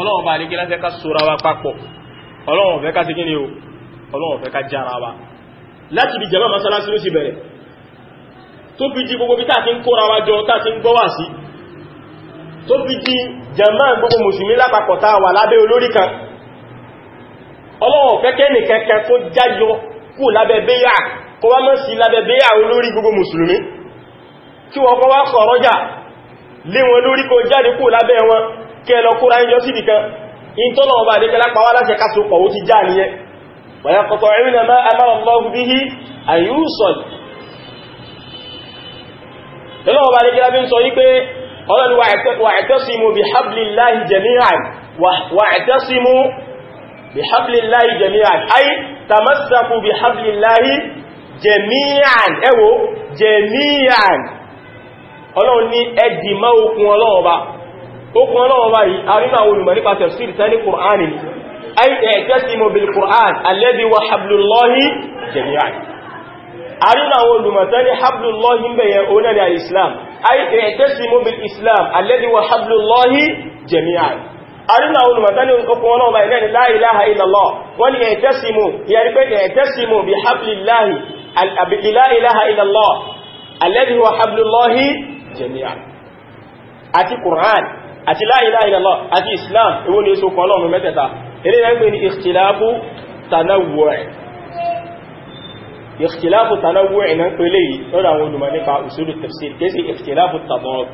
S1: ọlọ́run bá àlékí láti ká sóra wa papọ̀ ọlọ́run fẹ́ ká sí kíni o ọlọ́run fẹ́ ká jára wa láti bí jàmá masalasi ló ti bẹ̀rẹ̀ tó fi di gbogbo bí táà ti ń kóra wa jọ táà ti ń gbọ́wà sí tó fi di jàmá gbogbo mùsùlùmí lápapọ̀ táà wà lábẹ́ olórí kan ọlọ́run fẹ́ kẹ́ni kẹ́kẹ́ kó jáyọ kú lábẹ́ béyà kó wá mọ́ sí lábẹ́ béyà olórí gbogbo mùsùlùmí kí wọ́n kọ́ wá kọ̀rọ́jà lé wọn lórí kó jáde kú lábẹ́ wọn kẹlọ kóra ẹjọ́ sí nìkan in tó lọ ọba àdékẹlá pàwọ́ aláṣẹ ká sopọ̀ ó ti já nìyẹn wọ̀yá kọ̀tọ̀ ẹ̀rìnà máa amárànlọ́gún bí i àyúsọ̀lì lọ́wọ́ bá lékẹ́lá bí ń sọ wípé ọlọ́ni wa'tasimu bihablillahi jami'an wa'tasimu bihablillahi jami'an ay tamassaku bihablillahi jami'an ẹwọ ọlọ́run ní ẹdìmọ́ okùn ọlọ́ọ̀ba okùn ọlọ́wọ́ báyìí arínà olùmọ̀ nípa tafsir tẹ́lẹ̀ kùránì ay i'tasimu bil kùrán alladhi wa hablullahi jami'an arínà olùmọ̀ tẹ́lẹ̀ hablullahi bẹ̀yẹ onáni al-islam ay i'tasimu bil islam alladhi wa hablullahi jami'an arínà olùmọ̀ tẹ́lẹ̀ okùn ọlọ́wọ́ báyìí la ilaha illallah wọ́n i'tasimu yàrí pé i'tasimu bi hablillahi la ilaha illallah alladhi wa àti kùrán àti la ilaha illallah àti islam èwo ni èso kan lọ́nà mẹ́tẹ̀ta ilé rẹ̀ ń pè ní ikhtilafu tanawwu' ikhtilafu tanawwu' ìná pé lè lọ́dọ̀ àwọn olùmọ̀ nípa usulu tafsir kéèsì ikhtilafu tadad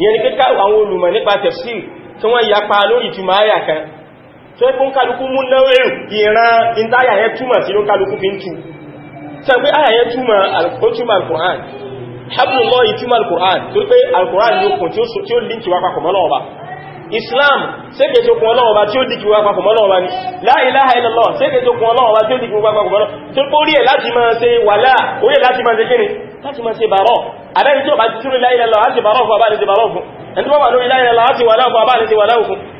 S1: yẹn ni kíkà àwọn olùmọ̀ nípa tafsir tí wọ́n yapa lórí ìtumọ̀ àyà kan tó ẹ́ kún kálukú mú lọ́rìn ìran hablullah ìtumọ̀ alkùrán tó pé alkùrán ní okùn tí ó líǹkì wá papọ̀ mọ́lọ́wọ́ bá islam sékè tó kún ọlọ́wọ́ bá tí ó dìkì wá papọ̀ mọ́lọ́wọ́ bá ní la ilaha illallah sékè tó kún ọlọ́wọ́ bá tí ó dìkì wá papọ̀ mọ́lọ́wọ́ tó pé orí ẹ̀ láti máa ṣe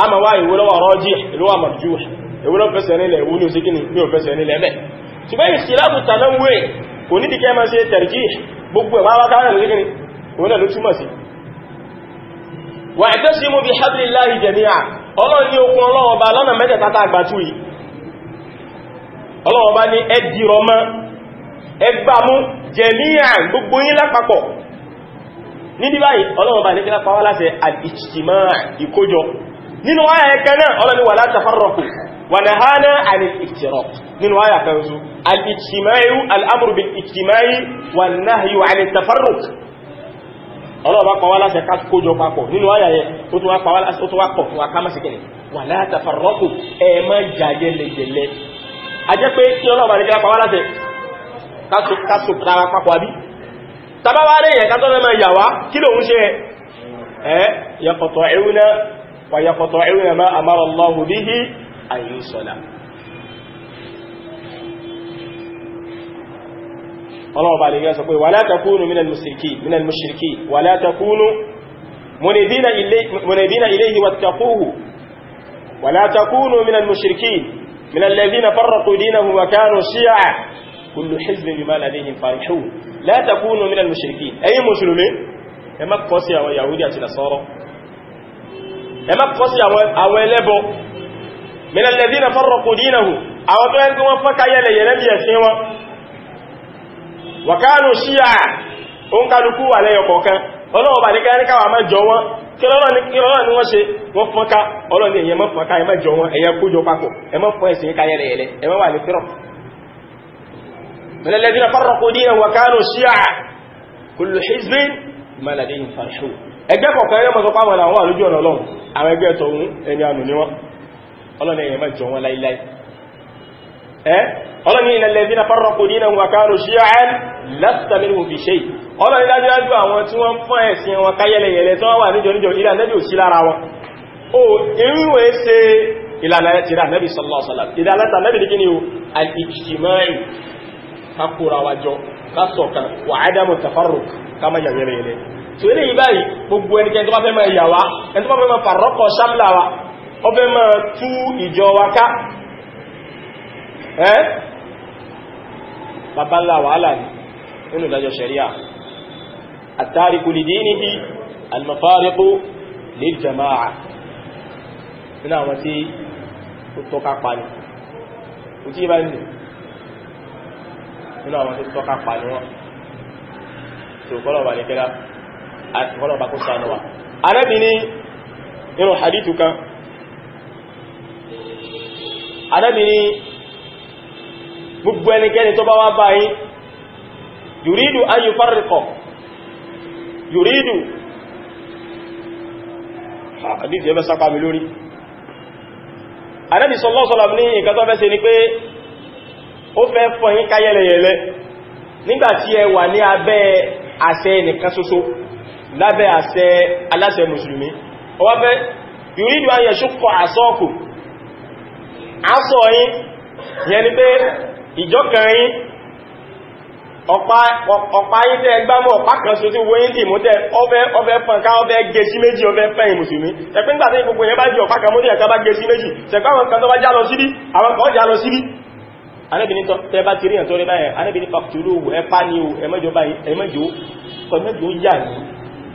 S1: a ma wá ìwó lọ́wọ́ rọ́jí ìlú wà mọ̀jú ìwó ló fẹ́sẹ̀ nílẹ̀ ìwó ní òsìkí ní ò fẹ́sẹ̀ nílẹ̀ mẹ́ ṣùgbẹ́ ìṣìláàbù tànáwé kò ní dìkẹ́ máa ṣe tẹ̀rìjì gbogbo ẹ̀má wá káàrẹ̀ lórí kíni òun náà ló túmọ̀ sí wà ẹ̀tẹ́ sí mú bí hablillahi jami'a ọlọ́run ní okun ọlọ́wọ́ bá lọ́nà mẹ́tẹ̀ẹ̀ta tá àgbà tú ní kí lápá wá láti al ìkójọ nínú ayà ẹ̀kẹ́ náà ọlọ́ni wà láti farrọ̀kù wà ní hánà alìtìrọ̀ nínú ayà kan zu alìtìmáyí al'amurbi ìtìmáyí wà náhíyù alìtàfarrọ̀k ọlọ́ọ̀bá kọwa láti kójọ papọ̀ nínú ayà yẹ ó tún wá pọ̀ fún akámasìkẹ̀rẹ̀ wà láti farrọ̀kù ẹ má jàjẹ́ lẹ́jẹ̀lẹ́ a jẹ́ pé kí lòun ṣe ẹ̀ yẹ kọ̀tọ̀ ويقطعون ما أمر الله به أن يوصل ọlọ́wọ́ bá lè gẹ́ sọ pé wà látàkúnù minal mushiriki wà látàkúnù munibina iléhi wàtàkúhù wà látàkúnù minal mushiriki minal lẹ́zina farraku dínahù wa kánù síyà kullu hizbin bima ladayhim farihun látàkúnù minal mushiriki ẹ̀yin musulmi ẹ má kọ́ sí ẹ má kọ́ sí àwọn ẹlẹ́bọ min alladhina farraqu dinahum àwọn tó ẹgbẹ́ wọn fọ́ta yẹlẹ̀ yẹlẹ́ bí ẹ̀sìn wọn wa kanu shi'a òun kálukú wà lẹ́yọ kọ̀ọ̀kan ọlọ́wọ́ bà ní ká ní káwà má jọ wọn kí lọ́rọ̀ ni wọ́n ṣe wọ́n hizbin ma ladayhim ẹgbẹ́ kọ̀ọ̀kan yẹ́ mọ́sọ páwọn àwọn àlójú ọ̀nà ọlọ́run àwọn ẹgbẹ́ tọ̀hún ẹni ànù ní wọn ọlọ́ni ẹ̀yẹ̀ má jọ wọn láíláí ẹ́ ọlọ́ni innal ladhina farraqu dinahum wa kanu shi'an lasta minhum fi shay' ọlọ́ni dájúdájú àwọn tí wọ́n fọ́n ẹ̀sìn wọn káyẹlẹyẹlẹ tí wọ́n wà níjọ níjọ ilẹ̀ anẹ́bì ò sí lára wọn ó irúwé ṣe ìlànà tìrà so eléyìí báyìí gbogbo ẹnikẹ́ni tó bá fẹ́ máa yà wá ẹni tó bá fẹ́ máa fàrọ́kọ̀ ṣámlà wa ó fẹ́ máa tú ìjọ wa ká ẹ́ babalá wàhálà nínú ìdájọ́ ṣẹ̀ríà àtàríkù lidinihi almafariqu liljama'a nínú àwọn tí ó tọ́ka pa ní kò tí bá nìí nínú àwọn tí ó tọ́ka pa ní wọn tí ó kọ́lọ̀ wà ní kẹ́lá ọlọ́ba kó sànà hadithu kan gbogbo ẹnikẹ́ni tó bá wá báyìí yùrídù ayù fárìkọ̀ yùrídù hadithu ẹbẹ́ sápá lórí arábì sọlọ́sọlọ́ ní nǹkan tó ni pé ó fẹ́ fọ́ yín nígbàtí ẹ wà ní abẹ́ àṣẹ nìkan ṣoṣo lábẹ́ àṣẹ aláṣẹ mùsùlùmí ọwá fẹ́ yùrídù ayẹ̀ ṣúkọ̀ àṣọ́kù aṣọ yín yẹn ni pé ìjọkẹrin ọ̀pá yín tẹ́ gbámọ́ ọ̀pá kan so tí wo yín dìmú tẹ́ ọfẹ́ pọ̀nká ọfẹ́ gẹ sí méjì ọfẹ́ pẹ̀yìn mùsùlùmí ẹ̀píngbà tí gbogbo yẹn bá jẹ ọ̀pá kan mọ́ tẹ́ bá gẹ sí méjì sẹ̀pá àwọn kan tó bá já lọ síbí àwọn kan já lọ síbí anẹ́bìnrin tẹ́ bá ti ẹ̀ tó rí anẹ́bìnrin pàtàkì rú ẹ pá ní ẹmẹ́jọ yà ní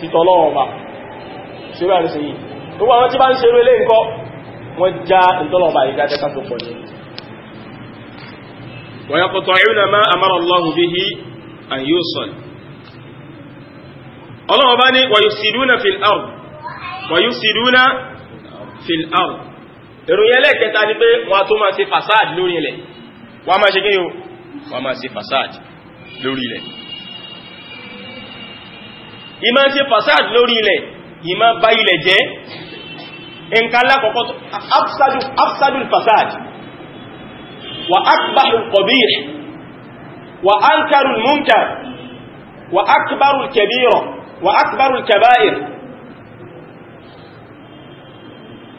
S1: títọ́lọ́wọ̀n bá ṣe bá ń ṣe yìí gbogbo àwọn tí bá ń ṣe eré nǹkan wọ́n já ìtọ́lọ́wọ̀n bá ìgbà tẹ́ká tó pọ̀ ní wa yaqta'una ma amara Allahu bihi an yusal ọlọ́wọ̀n bá ní wa yusiduna fil ard wa yusiduna fil ard ìròyìn ẹlẹ́ẹ̀kẹta ni pé wọ́n tó máa ṣe fasad lórí ilẹ̀ wọ́n máa ṣe kí ni o wọ́n máa ṣe fasad ìmá ṣe fasad lórí ilẹ̀ ìmá bá ilẹ̀ jẹ́ nǹkan lákọ̀ọ́kọ́ afsadul fasad wa akbarul qabih wa ankarul munkar wa akbarul kabira wa akbarul kabair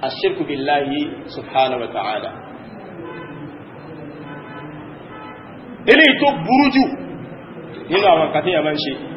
S1: ashirku billahi subhanahu wa ta'ala ilé tó burú nínú àwọn kàtíyà máa ń ṣe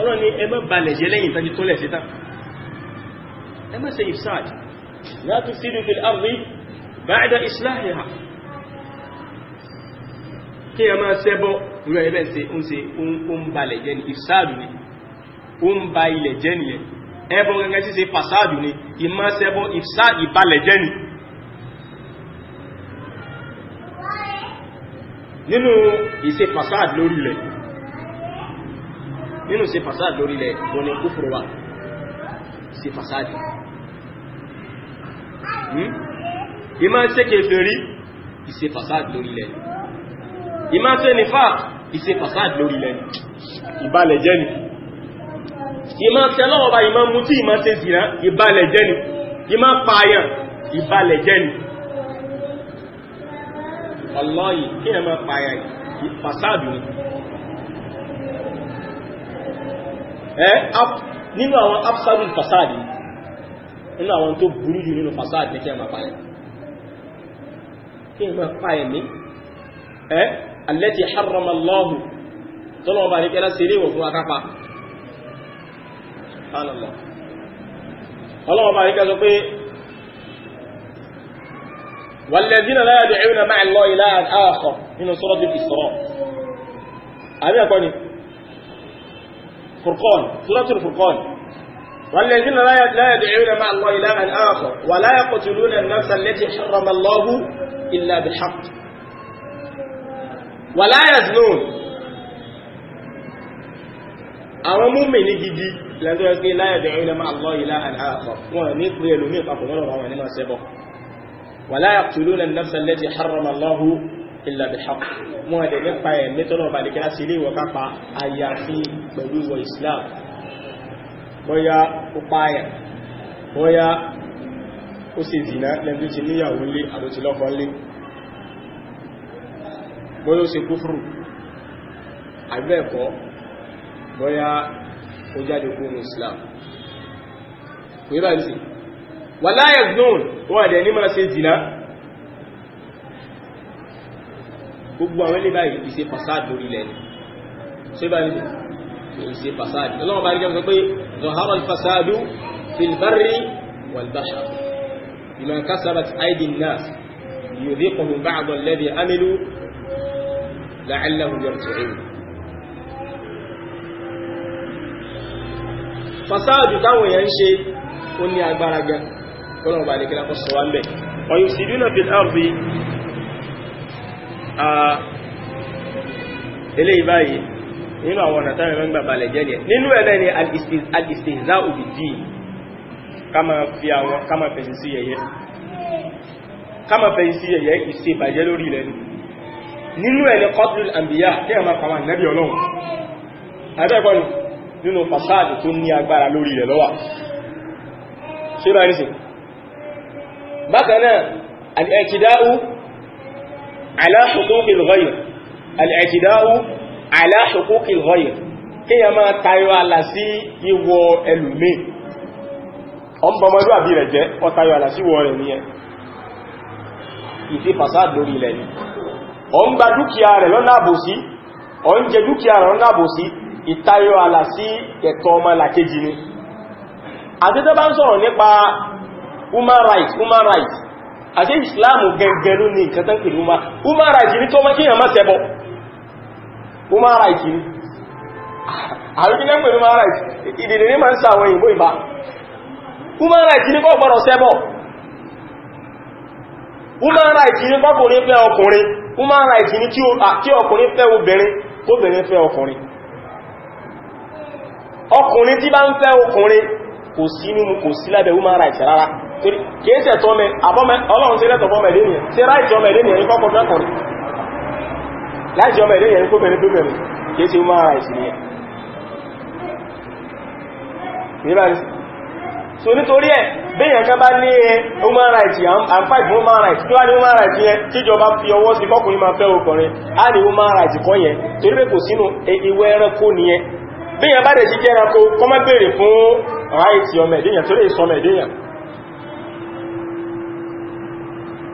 S1: ọlọ́run ni ẹ má balẹ̀ jẹ́ lẹ́yìn tàbí tó lẹ̀ síta ẹ má ṣe ifsad la tufsidu fil ardi ba'da islahiha kí ẹ máa ṣẹbọ ìwé ẹ̀bẹ̀ ṣe ń ṣe ó ń balẹ̀ jẹ́ ni ifsad ni ó ń ba ilẹ̀ jẹ́ nìyẹn ẹbọ gẹ́gẹ́ sí ṣe fasad ni ìmá ṣẹbọ ifsad ìbalẹ̀ jẹ́ ni nínú ìṣe fasad lórí ilẹ̀ nínú ṣe fasad lórí ilẹ̀ wọn ni kúfùrù wà ṣe fasad ìmá hmm? ṣe kèfèrí ìṣe fasad lórí ilẹ̀
S3: ìmá ṣe nífà
S1: ìṣe fasad lórí ilẹ̀ ìbalẹ̀ jẹ́ ni ìmá tẹ́lọ́wọ́ba ìmá mú tí ìmá ṣe zìnà ìbalẹ̀ jẹ́ ni ìmá pààyàn ìbalẹ̀ jẹ́ ni ọlọ́yìn kí ẹ máa pààyàn ìfàsádù ni
S4: Eh, nínú àwọn absalom
S1: fasadi nínú àwọn tó burú jù nínú fasadi ní kí ẹ máa pa ẹ̀mí kí ẹ máa pa ẹ̀mí ẹ́ eh, alẹ́tì haramallahu tọ́lọ́wọ́ bá ní kẹ́lá sí ilé fún akápa ọlọ́wọ́ bá ní kẹ́ sọ pé والذين لا يدعون مع الله إلها آخر من سورة الإسراء هذا يقول فرقان سورة الفرقان والذين لا يدعون مع الله إلها آخر ولا يقتلون النفس التي حرم الله إلا بالحق ولا يزنون àwọn múmìnì gidi lẹ́tọ́ ẹgbẹ́ láyẹ̀dẹ̀ ìrìnlẹ̀ máa lọ ìlà àkọ́ wọn ní pé ẹlòmí ìpapọ̀ mọ́rọ̀ àwọn ẹni máa sẹ́bọ̀ wà láyẹ̀ tùlú nà nafsa lẹ́tì harramallahu illa bil haqq mọ́ ẹ̀dẹ̀ nípa ẹ̀ mẹ́tọ́lọ̀ bá lẹ́kẹ́lá sí ilé ìwọ̀ká pa àyàfi pẹ̀lú ìwọ̀ islam bóyá ó páyà bóyá ó sì zìnà lẹ́bí ti níyàwó lé àdótí lọ́kọ́ lé bóyá ó sì kúfùrù àgbẹ́ẹ̀kọ́ wọ́n ẹ̀dẹ̀ ní mọ́ sí zìnà gbogbo àwọn ilé báyìí ìṣe fasad lórí ilẹ̀ ni ṣé báyìí ìṣe fasad ọlọ́run bá rí kẹ́kọ̀ọ́ pé zoharal fasadu filbari walbasha bima kasabat aidin nas yudhiquhum ba'd alladhi amilu la'allahum yarji'un fasadu táwọn èèyàn ṣe ó ní agbára gan ọlọ́run bá rí kẹ́kọ̀ọ́ eléyìí báyìí nínú àwọn ọ̀nà táwọn ẹ̀mọ́ ń gbà balẹ̀ jẹ́ nìyẹn nínú ẹ̀ náà ni alìsìnzá òbí dì kama fi àwọn kama fèsì sí yẹ̀yẹ́ kama fèsì sí yẹ̀yẹ́ ìṣe ìbàjẹ́ lórí ilẹ̀ nínú ẹ̀ ni qatlul anbiya kí ẹ̀ máa pàwọn ànábì ọlọ́run àbẹ́ẹ̀kọ́ ni nínú fasáàdì tó ní agbára ala huquq al-ghayr al-i'tidaa ala huquq al-ghayr kí yẹn máa tayọ àlà sí ìwọ ẹlùmí ọmọdé àbí rẹ̀ jẹ́ ọ tayọ àlà sí ìwọ rẹ̀ ní ẹ ìfí fasad lórí ilẹ̀ ni ọ ń gba dúkìá rẹ̀ lọ́nà àbòsí ọ ń jẹ dúkìá rẹ̀ lọ́nà àbòsí ìtayọ àlà sí ẹ̀tọ́ ọmọ làkejì ni àti tẹ́ bá ń sọ̀rọ̀ nípa human rights human rights àti ìsìláàmù gẹngẹrú ní nǹkan tán pẹ̀lú ma human right ní tó mọ́ kíyàn má right right ìdìdì ní ma ń sàwọn ìbò ìbá human right ní kò gbọ́dọ̀ ṣẹbọ human right ní fẹ́ ọkùnrin right kí ọkùnrin fẹ́ obìnrin fẹ́ ọkùnrin ọkùnrin tí bá ń fẹ́ ọkùnrin kò kìí ṣe ẹ̀tọ́ mẹ́ ọlọ́run ṣe lẹ́tọ̀ fọ́mẹ̀ lẹ́nìyàn ṣe ráìtì ọmọ ẹ̀lẹ́nìyàn ní kọ́kọ́ mẹ́kọ̀ọ́rì
S4: láìsí ọmọ ẹ̀lẹ́nìyàn
S1: ní kóbìnrin bíbẹ̀rẹ̀ kìí human rights ni nítorí ní human rights human rights human rights yẹn kíjọba fi ọwọ́ sí ọkùnrin ni human rights torí pé kò sínú ìwẹ́ ẹranko nìyẹn bíyàn bá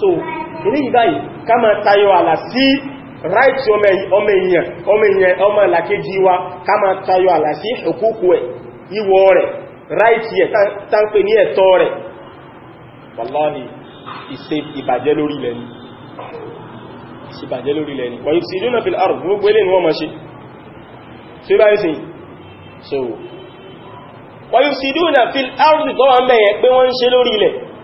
S1: so ilé ìbáyìí ká máa tayọ àlà sí right ọmọ èèyàn ọmọ èèyàn ọmọ ìlàkejì wa ká máa tayọ àlà sí hukuku ẹ̀ ìwọ rẹ̀ right ẹ̀ tánpé ní ẹ̀tọ́ rẹ̀ wallahi ìṣe ìbàjẹ́ lórí lẹ́ni ìṣìbàjẹ́ lórí lẹ́ni wọ́n yìí sí ìlú náà fi àrùn gbogbo ilé ni wọ́n ma ṣe tí ó bá so wọ́n yìí sí ìlú náà fi àrùn tọ́wọ́ mẹ́yẹn pé wọ́n ń ṣe lórí ilẹ̀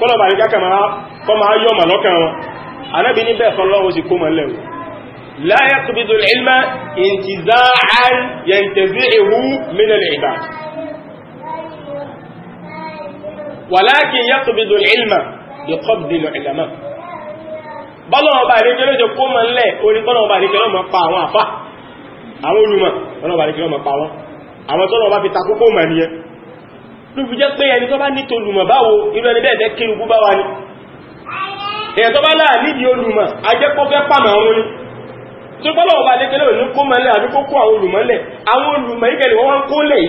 S1: kọ́lọ̀ bàrí kákà máa yọ mà lọ́kàn wọn anábi ní bẹ́ẹ̀ kọlọ́wọ́ sí kó mọ̀ lẹ́wọ̀ la yaqbidu al-ilma intiza'an yantazi'uhu min al-ibad walakin yaqbidu al-ilma biqabdi al-ulama bọ́lọ̀wọ́ bàrí kẹlẹ́ jẹ kó mọ̀ lẹ́ orí bọ́lọ̀wọ́ bàrí kẹlẹ́ mọ̀ pa àwọn àfá àwọn olùmọ̀ bọ́lọ̀wọ́ bàrí kẹlẹ́ mọ̀ pa wọn àwọn tọ́lọ̀ bá fi takókó mọ̀ nìyẹn ló fi jẹ́ pé ẹni tó bá ní tolùmọ̀ báwo irú ẹni bẹ́ẹ̀ fẹ́ kírù bú bá wa ní èyàn tó bá láà nídìí olùmọ̀ ajẹ́pọ̀ fẹ́ pàmà wọn ní tó gbọ́lọ̀ ọba lẹ́kẹ́lẹ́ òní kó mọ́lẹ̀ àbí kó kó àwọn olùmọ́lẹ̀ àwọn olùmọ̀ ìkẹlẹ̀ wọ́n wọ́n kó lẹ̀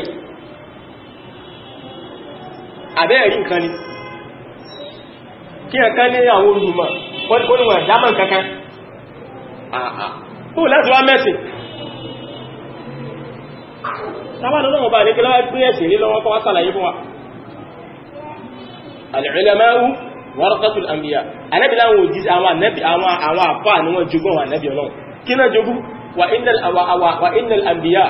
S1: àbẹ́ẹ̀rí nǹkan ni kí ẹ̀kan ní àwọn olùmọ̀ ó ní wọn dámọ̀ kankan tábàdàn náà bá lékelá gbé ẹ̀sìn lé lọ́wọ́ kọ́wá sàlàyé fún wa al-ulama'u warathatul anbiya anábì láwọn òjì àwọn anábì àwọn àwọn àfà ni wọ́n jogún àwọn anábì ọlọ́run kí náà jogún wa innal awa wa innal anbiya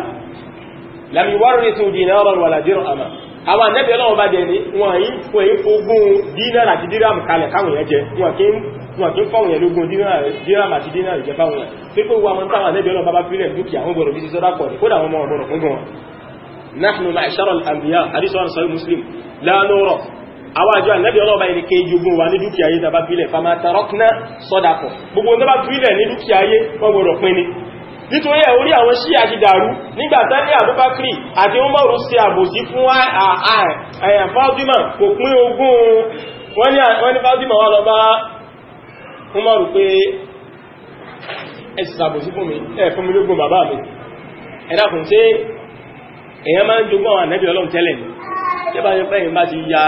S1: lam yuwarrithu dinaran wala dirhama àwọn anábì ọlọ́run bá ní wọ́n yí wọn tó fáwọn yẹn lógún dírámà àti dínà ìjẹ fáwọn yẹn pé pé wọn táwọn àlẹ́bí ọlọ́run bàbá fílẹ̀ dúkìá wọn gbọ́dọ̀ bí ti sọ́dá pọ̀ ní kódà wọn mọ ọ̀gbọ̀dọ̀ fún wọn. nahnu ma'shara al-anbiya hadith wa sahih muslim la nura àwọn àjọ àlẹ́bí ọlọ́ba ẹni ké jogun wa ní dúkìá yé tàbá àwọn sí àjídàrú nígbàtá ní àbúbákìrì àti wọ́n mọ̀rún sí àbòsí fún àyàn fáwọ́dímà kò pín ogún wọ́n ní fáwọ́dímà wà lọ bá Umaru pé ẹ̀sì sàbòsí fún mi ẹ̀ fún mi lógún bàbá mi ẹ̀dàkùn tí èyàn máa ń jogún àwọn ànẹ́bì ọlọ́run tẹ́lẹ̀ ní tí bá yẹ pẹ́yìn bá ti ya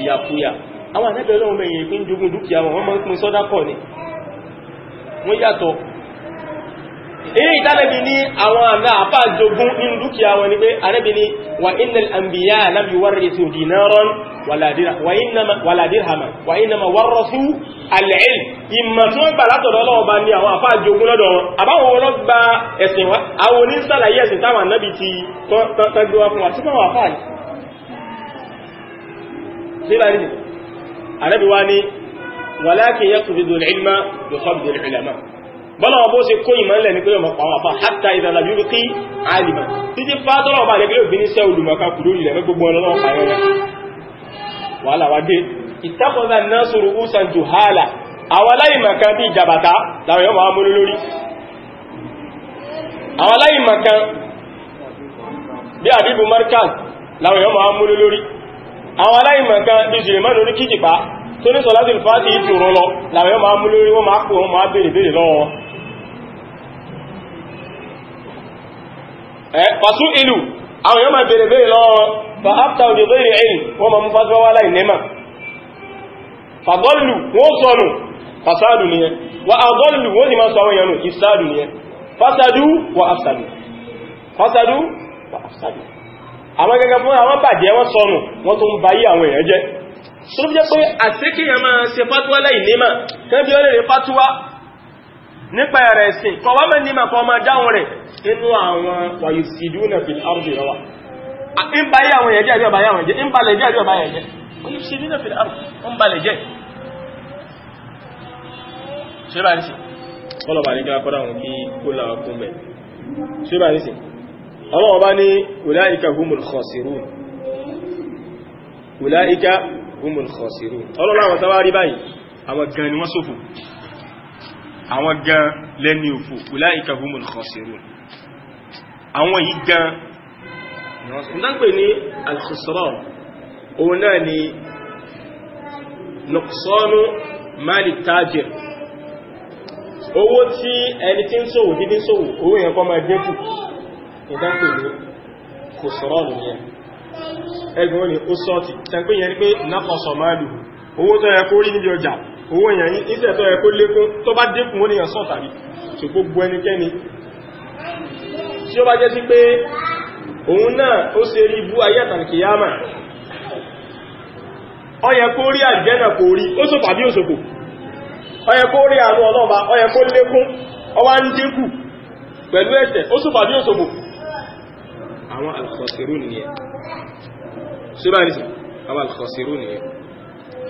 S1: ìyàkúyà àwọn ànẹ́bì ọlọ́run mẹ́yìn pín jogún dúkìá wọn wọ́n mọ́ pín sọ́dákọ̀ ni wọ́n yàtọ̀ ilé ìtànàbí ní àwọn àmà àpá jogun nínú dúkìá wọn ni pé ànábì ni wà innal anbiya lam yuwarrisu dinaran wala dirhaman wà innama warrasu al-ilm ìmọ̀ tí wọ́n gbà látọ̀dọ̀ Ọlọ́run bá ní àwọn àpá jogun lọ́dọ̀ wọn bọ́lọ̀wọ́ bó ṣe kó ìmọ̀lẹ̀ ní pé ọmọ pàwọn àfà hátà ìdàlà yóò kí àìlìmọ̀ títí fátọ́lọ̀ ọba àrẹ́gbẹ̀rẹ̀ òbí ní sẹ́ olùmọ̀ká kùdó ìlẹ̀ mẹ́ gbogbo ọlọ́wọ́ pàyẹ̀rẹ̀ wàhálà wá dé ìtàkọ̀ọ́dà náà sọ̀rọ̀ ó sàn jù hálà àwọn aláìmọ̀kan bí ìjàbàtà láwọn yọ́mọ̀ amúlò lórí àwọn aláìmọ̀kan bí àbíbù markaz láwọn fasu eh, ilu àwọn yóò máa bèèrè bèèrè lọ́wọ́ fa afta òjò bèèrè ẹ̀yìn wọ́n ma mú fásitọ́wà láì nema fàgọ́lù wọ́n sọnù fasádù ni ẹ wa a wọ́n sì máa sọ àwọn èèyàn nù ìsádù ni ẹ wa afsadu fasádù wa afsádù àwọn gẹ́gẹ́ fún àwọn bàjẹ́ wọ́n sọnù wọ́n tó ń bayí àwọn èèyàn jẹ́ sọ́rọ̀ jẹ́ pé àtíkìyàn ma se fatuwa láì nema kẹ́ bí ó lè fatuwa. nípa ẹ̀rẹ̀ ẹ̀sìn kọ wá mẹ́ni ma kọ ma dáhùn rẹ̀ inú àwọn wàyí sídú na fi ardi rọwà in ba yí àwọn ẹ̀jẹ́ àríọ̀bá yàwọn ẹ̀jẹ́ in ba lẹ̀ jẹ́ àríọ̀bá yẹ̀jẹ́ wàyí sídú na fi ardi wọ́n ba lẹ̀ jẹ́ ṣíra ní sí ọlọ́bà ní kíra kọ́dá wọn kí kó la kún mẹ́ ṣíra ní sí ọlọ́wọ́ bá ní ulaika wọ́n sófò àwọn gan lẹ́ni òfò ulaika humul khasirun àwọn yìí gan ìdánpẹ̀ ní al-khusran òun náà ni nuqsanu mali tajir owó tí ẹni tí ń ṣòwò dídí ṣòwò owó yẹn kọ́ máa dínkù ìdánpẹ̀ ní khusran yẹn ẹgbẹ̀rún ni ó sọ́ọ̀tì tẹ́gbẹ̀ yẹn ni pé naqasa maluhu owó tó yẹ kó rí níbi ọjà owó èèyàn isi ìsẹ̀ tó yẹ kó lékún tó bá dínkùn oníyàn sọ tàbí tí gbogbo ẹnikẹ́ni tí ó bá jẹ́ sí pé òun náà ó ṣe rí ibú ayé àtàkìyàmà ó kó rí àjẹ́nà kò rí ó sòfà bí òsòkò ó kó rí àánú ọlọ́ba ó kó lékún ó ń dínkù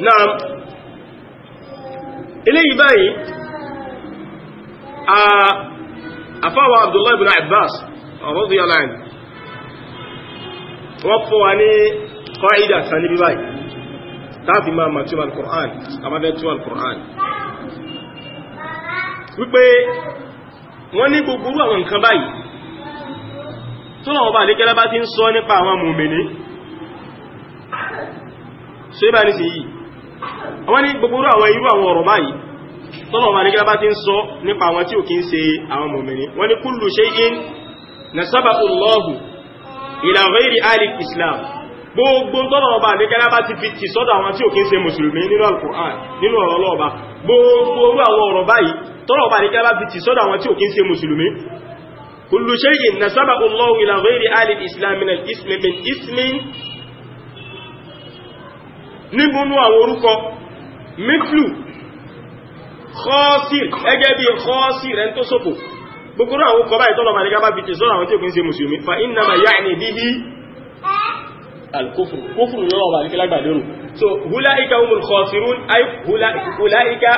S1: pẹ̀lú eléyìí báyìí àfáwà Abdullahi ibn Abbas radiyallahu anhu wọ́n fọ́ wa ní kọ́ìdà sani bí báyìí táàfi máa ma túnmà al-Qur'an àbábẹ́ túnmà al-Qur'an wípé wọ́n ní gbogbo àwọn nǹkan báyìí tó lọ́wọ́ bá wọ́n ní gbogbo àwọn irú àwọn ọ̀rọ̀ báyìí tọ́lọ̀ wà ní gẹ́gẹ́ bá ti ń sọ nípa àwọn tí ò kí ń ṣe àwọn mọ̀mìnì wọ́n ní kullu shay'in nasabahu Allahu ila ghairi ahli islam gbogbo tọ́lọ̀ ọba ní gẹ́gẹ́ bá ti fi ti sọ́dọ̀ àwọn tí ò kí ń ṣe mùsùlùmí nínú al-Qur'an nínú ọ̀rọ̀ lọ́ọ̀ba gbogbo orú àwọn tọ́lọ̀ níbúnú àwọn orúkọ mithlu khasir ẹgẹ́ bí khasir rẹ̀ tó sọ́pọ̀ gbogbo àwọn kọba ìtọ́lọ̀ màrígá bá bìtì sọ́rọ̀ àwọn tí ó kìí ṣe mùsùlùmí fa iná ma yá ní bí i alkufru kufru lọ́wọ́ bá nígbà lérò so hulaika humul khasirun ay hulaika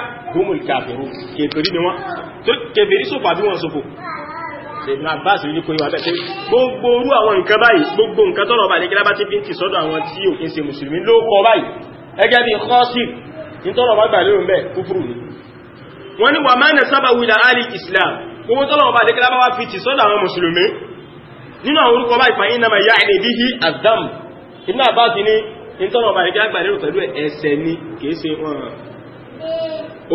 S1: Ibn Abbas rí kó yíwa bẹ́ẹ̀ gbogbo orú àwọn nǹkan báyìí gbogbo nǹkan tọ́rọ bá nìkẹ́lá bá ti fi ń ti sọ́dọ̀ àwọn tí ò kí ń ṣe mùsùlùmí ló kọ báyìí ẹgẹ́ bí kọ́sì nítọ́rọ bá gbà lérò bẹ́ẹ̀ ni wọ́n ni wà máa nẹ sábà wùlà alì Islam gbogbo ni nítọ́rọ bá nìkẹ́lá gbà lérò pẹ̀lú ẹ̀ṣẹ̀ ni kìí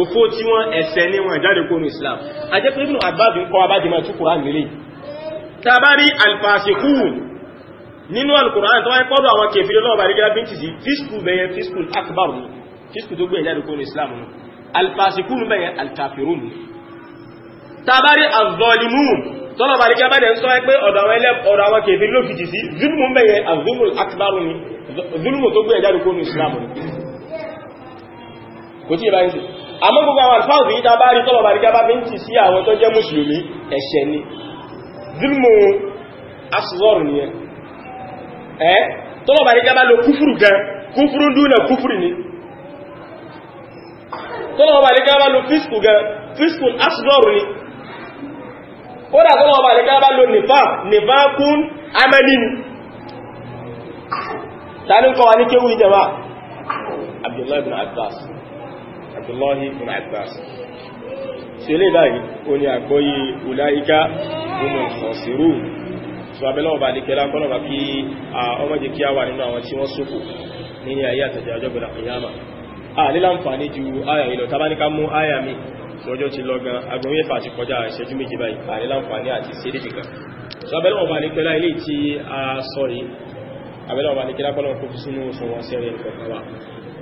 S1: òfó tí wọ́n ẹ̀ṣẹ̀ ní wọn ìjáde kó ní islam a jẹ́ pé ibùn àbájú ń kọ́ abájú máa túkùrá nílé tàbárí alfasikun nínú alkùnrán tó wáyé pọ́dọ̀ àwọn kèfèrè lọ́wọ́ bàrí gẹ́gẹ́ bíntì sí fiskul bẹ̀yẹ fiskul akbar ni fiskul tó gbé ìjáde kó ní islam ni alfasikun bẹ̀yẹ alkafirun ni tàbárí azọlimun tọ́lọ̀ bàrí gẹ́gẹ́ bẹ̀rẹ̀ ń sọ pé ọ̀dọ̀ àwọn kèfèrè ló fìtì sí zulmun bẹ̀yẹ azulmul akbar ni zulmun tó gbé ìjáde kó ní islam ni kò tí ì báyìí sí àmọ́ gbogbo àwọn alfáàzù yìí tàbá rí tọ́lọ̀ bàrígá bá fi ń tì sí àwọn tó jẹ́ mùsùlùmí ẹ̀ṣẹ̀ ni zulmù asghar ni ẹ́ tọ́lọ̀ bàrígá bá lo kúfùrù gan kúfùrù dúnà kúfùrù ni tọ́lọ̀ bàrígá bá lo fískù gan fískù asghar ni kódà tọ́lọ̀ bàrígá bá lo nìfà nìfà kún amẹ́lì ni tàbí Abdullahi ibn Abbas tí ó lè báyìí ó ní àgbóyí ulaika humul khasirun tó abẹ́lọ́wọ̀ bá dìkẹ́lá kọ́nàbà kí ọmọdé kí a wà nínú àwọn tí wọ́n sókò ní ayé àtàjẹ́ ọjọ́ gbọ́dà kìyàmà mi lọ́jọ́ ti lọ gan agbóhun ẹ̀fà ti kọjá ìṣẹ́jú méjì báyìí a níláǹfààní àti sídìkìkà tó abẹ́lọ́wọ̀ bá dìkẹ́lá ilé tí a sọ yìí abẹ́lọ́wọ̀ bá dìkẹ́lá kọ́nàbà kó fi sínú òṣùwọ̀n sẹ́rẹ̀ nǹkan kan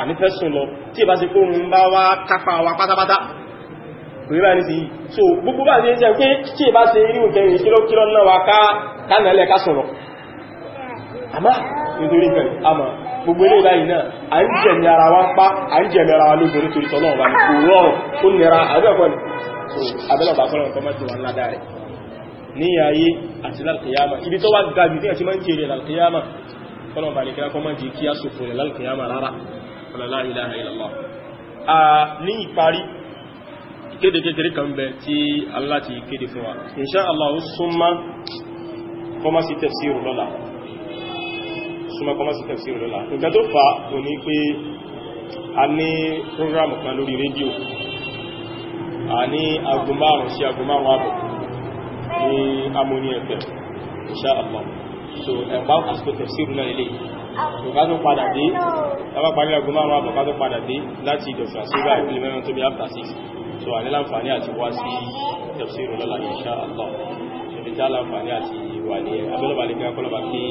S1: ànífẹ́ ah, sùn lọ tí ìbá ti kóòrùn ń bá wá kápá wa pátápátá ríra ní sí so gbogbo bá ti jẹ́ pé tí ìbá ti rí òkèrin kílọ́kílọ́ náà wá ká kánàlẹ́ ká sọ̀rọ̀ àmá nítorí pẹ̀lú àmà gbogbo ilé ìbáyìí náà à ń jẹ̀mí ara wa ń pa à ń jẹ̀mí ara wa lóbo nítorí tọ́lọ́ ọ̀bá ní kò rọrùn ó nira àbẹ́ọ̀kọ́ ni abẹ́lọ̀bà fọ́lọ̀
S2: la ilaha illallah
S1: a ní ìparí ìkéde kékeré kan bẹ tí Allah ti kéde fún wa insha Allah ó súnmọ́ kọmọ́ sí tafsiru lọ́la súnmọ́ kọmọ́ sí tafsiru lọ́la nǹkan tó fà ò ní pé a ní prógrámù kan lórí rédíò a ní aago márùn-ún sí aago
S4: márùn-ún
S1: ẹ̀fẹ̀ insha so ẹ̀bá àsìkò tafsiru náà lélẹ́yìí
S2: ká tó padà dé
S1: tàbá parí ẹgbẹ́ márùn àbọ̀ ká tó padà dé láti dọ̀fà síra ìpínlẹ̀ mẹ́rin tó bí after six so a ní láǹfààní àti wá sí
S2: tafsir lọ́la insha Allah ṣebí tá láǹfààní àti wà ní abẹ́lọ́bà lè gbá kọ́lọ́bà kí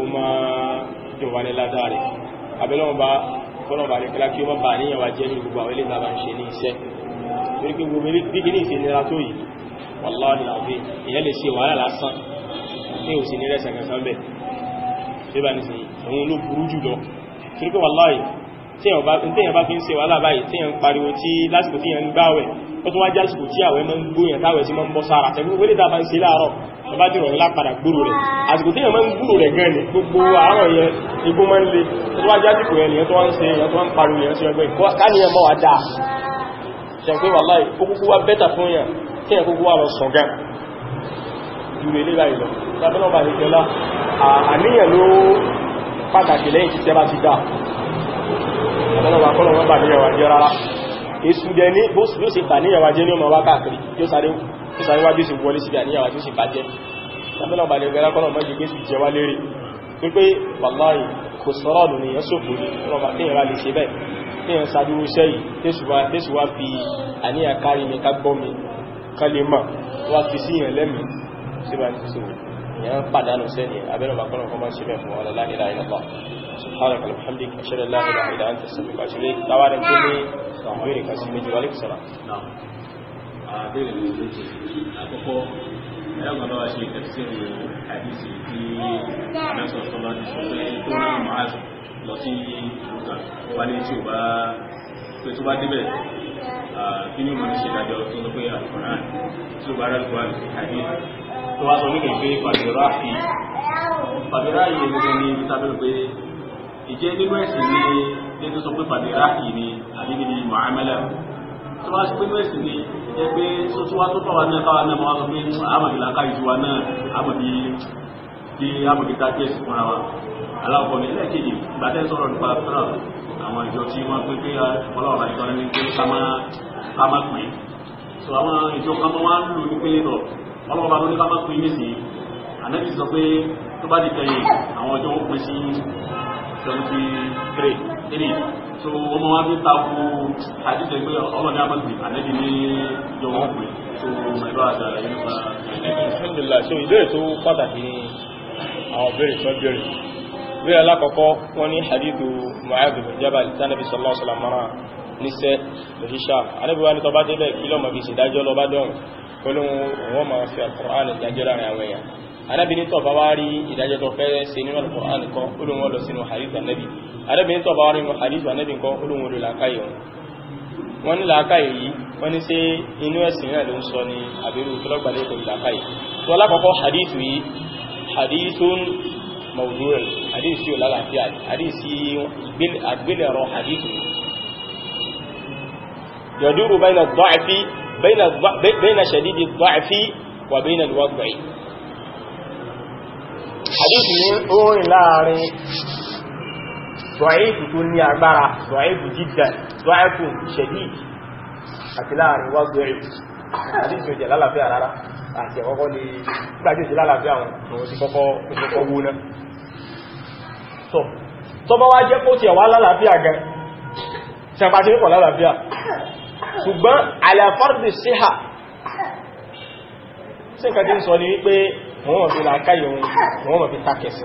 S2: ó má jọba ní látàrí
S1: abẹ́lọ́bà kọ́lọ́bà lè kọ́lá kí ó má bà níyàn wá jẹ́ ní gbogbo àwọn ilé tàbá ń ṣe ní iṣẹ́
S2: torí pé gbogbo bí kí ní ìsinira tó yìí wallahi àbí ìyẹn lè ṣe wàhálà bébà ní sí òun ló burú jùlọ
S1: torípé wàláì tíyàn bá fi ń ṣe wàhálà báyìí tíyàn ń pariwo tí lásìkò tíyàn ń gbáwẹ̀ ó tó wá jásìkò tí àwẹ̀ mọ́ ń gbóyàn táwẹ̀ sí mọ́ ń bọ́ sára tẹ̀gbẹ́gbẹ́ lè dábà ń ṣe láàárọ̀ ọba dìrọ̀ ńlá padà gbúrò rẹ̀ àsìkò tíyàn mọ́ ń gbúrò rẹ̀ gan ni gbogbo àárọ̀ yẹn igbó mọ́ ń le tó wá jásìkò yẹn ni tó wá ń ṣe èèyàn tó wá ń pariwo yẹn sí ẹgbẹ́ káníyàn mọ́ dáa lábẹ́lọ́bà ìjọlá àníyàn ló pàtàkì lẹ́yìn tí tẹ́bá ti dá
S4: lábẹ́lọ́bà kọ́lọ̀wọ́ bà ní ẹwà jẹ́ rárá
S1: èsù jẹ ní bó sì bà ní ẹwà jẹ́ ní ọmọ wá káàkiri yóò sáré wájú sí wọlé sí àníyàwà tó sì bà jẹ́ lábẹ́lọ́bà ìjọlá kọ́lọ̀wọ́ jẹ́ gbé sì jẹ wá lérí wípé wàláì kò sọ́rọ̀ ọ̀nà ni ẹ́sòkò ní ọlọ́bà tí ìrà lè ṣe bẹ́ẹ̀ tí ìrìn sàdúrú iṣẹ́ yìí tẹ́sùwá fi àníyàn kárí ní ká gbọ́ mi ká lè mọ̀ wá fi sí ìrìn lẹ́mìí síbà ní ṣòwò èèyàn pàdánù sẹ́ni abẹ́rẹ́ makọ́nà kọmọ́ sí mẹ́fún wọn la ilaha illallah subhanaka wa bihamdik ashhadu an la ilaha illa anta astaghfiruka wa atubu ilayk tawarin tó ní ìbéèrè kan sí méjì wálé sọ́ra.
S3: àbẹ̀rẹ̀ mi méjì àkọ́kọ́ ẹ̀rọ̀gbọ́n bá ṣe tẹ̀síìrì àdìsí tí àdáṣọ́ sọ́lá ti sọ pé tó náà máa
S2: lọ sí ìlú kan wálé tí ò bá pé tó bá kíní mọ̀ ní ṣèdájọ́ tó lọ pé àkùnrán tó bá rẹ̀ gbọ́ àti tó wá sọ nígbà pé pàdúrà fi pàdúrà yìí gẹ́gẹ́ ní sábẹ́ pé ìjẹ́ nínú ẹ̀sìn ní ní tó sọ pé pàdúrà yìí ni àbí níbi mọ̀ámẹ́lẹ̀ tó wá sọ pé nínú ẹ̀sìn ní jẹ́ pé tó tó wá tó fà wá náà fà wá náà wá sọ pé àmọ̀dìlá káyìí tó wá náà àmọ̀dì kí àmọ̀dì tá aláwọ̀ ní ẹlẹ́kejì gbàtẹ́ sọ̀rọ̀ nípa fúnra àwọn ìjọ tí wọ́n pín pé ah, ọlọ́run àìsọ ní pé ká má pín so àwọn ìjọ kan mọ́ wọ́n lù ní pélé lọ ọlọ́run bá ló ní ká má pín nísìnyí ànẹ́bí sọ pé tó bá di kẹyìn àwọn ọjọ́ wọn pín sí seventy three three so ọmọ wa fi ta ko àdìsẹ pé ọlọ́run á má pín ànẹ́bí ní ìjọ wọn pín so ẹ̀rọ àdàlẹ́ yìí nípa. alhamdulilayi so ìbéèrè tó pàtàkì ni àwọn ìbéèrè tó bẹ̀rẹ̀ ríra lákọ̀ọ́kọ́ wọ́n ní
S1: hadithu mu'adh bin jabal tánàbí sallallahu alaihi wasallam mara níṣẹ́ lòṣìṣà anábíwá ní tọba débẹ̀ kí lọ́mọ bí ìṣèdájọ́ lọ bá dọ̀n pẹ̀lúhun wọ́n ma fi alkùnrin ìdájọ́ láàrin àwọn èèyàn
S2: hadithun mọ̀wùdó rẹ̀ àdíìsí ò lálàáfíà àdíìsí àgbélẹ̀rọ àdíìsí yọ̀dúrù
S1: bẹ́ẹ̀nà ṣẹ̀dídì dọ́ẹ̀fí wà bẹ́ẹ̀nà lọ́gbẹ̀
S3: àdíìsí ní orin láàrin
S1: dọ́ẹ̀fù tó ní agbára dọ́ẹ̀fù jídà dọ́ẹ̀fù ṣẹ̀dídì àti láàrin wọ́gbẹ̀ àdíìsí ò jẹ́ àti ẹ̀kọ́kọ́ lè gbájẹ́sì lálàáfíà wọn òun wó náà tó bá wá jẹ́ kó ti ẹ̀wà lálàáfíà gan ṣẹ̀pá tí ó kọ̀ lálàáfíà ṣùgbọ́n àlàfáàdì síhà sí nǹkan tí ń sọ ní wípé wọ́n mọ̀ fi làákàyè òun wọ́n mọ̀ fi takẹ̀sì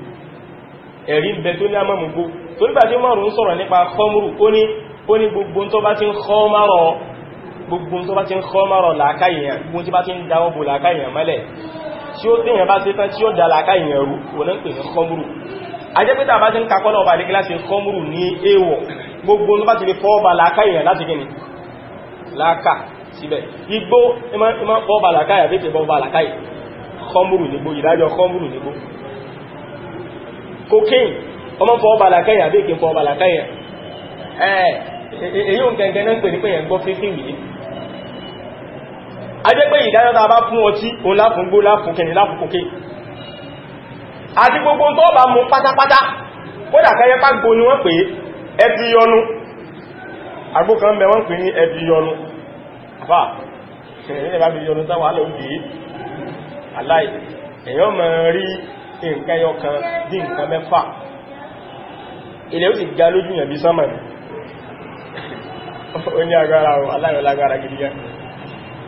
S1: ẹ̀rí ń bẹ tó ní amámugbó tó nígbà tí márùn ún sọ̀rọ̀ nípa kọmúrù ó ní gbogbo tó bá ti ń kọmárọ̀ làákàyèyàn gbogbo tí bá ti ń dáwọ́ bò làákàyèyàn mẹ́lẹ̀ tí ó tẹ́yàn bá ṣe tán tí ó dá làákàyèyàn rú wọ́n ń pè ní kọmúrù ajẹ́pẹ́ta bá ti ń kakọ́ náà bá ní kíláṣì kọmúrù ní èèwọ̀ gbogbo tó bá ti lè fọ́ bá làákàyèyàn láti gẹ́ni cocaine ọmọ fọ́ ọba làkẹ́yà bí èké fọ́ ọba làkẹ́yà
S2: èyí òun gẹ̀gẹ̀ náà ń
S1: pè ní pé yẹn gbọ́ fífín yìí a jẹ́ pé ìdájọ́ ta bá fún ọtí òun láfún gbó láfún kẹni láfún cocaine àti gbogbo tó bá mú pátápátá kódà kẹyẹ pá gbó ni wọ́n pè é ẹbí yọnu àgbó kan bẹ wọ́n pè ní ẹbí yọnu àfà ẹ̀rẹ́ ẹ̀bá bí yọnu táwọn alẹ́ òun dìí aláì èyàn mọ̀ rí nǹkan yọkan dí nǹkan mẹ́fà ilẹ̀ ó ti ga lójú yẹ̀bí sánmà ní ó ní agbára o aláyọ̀lágbára gidi gan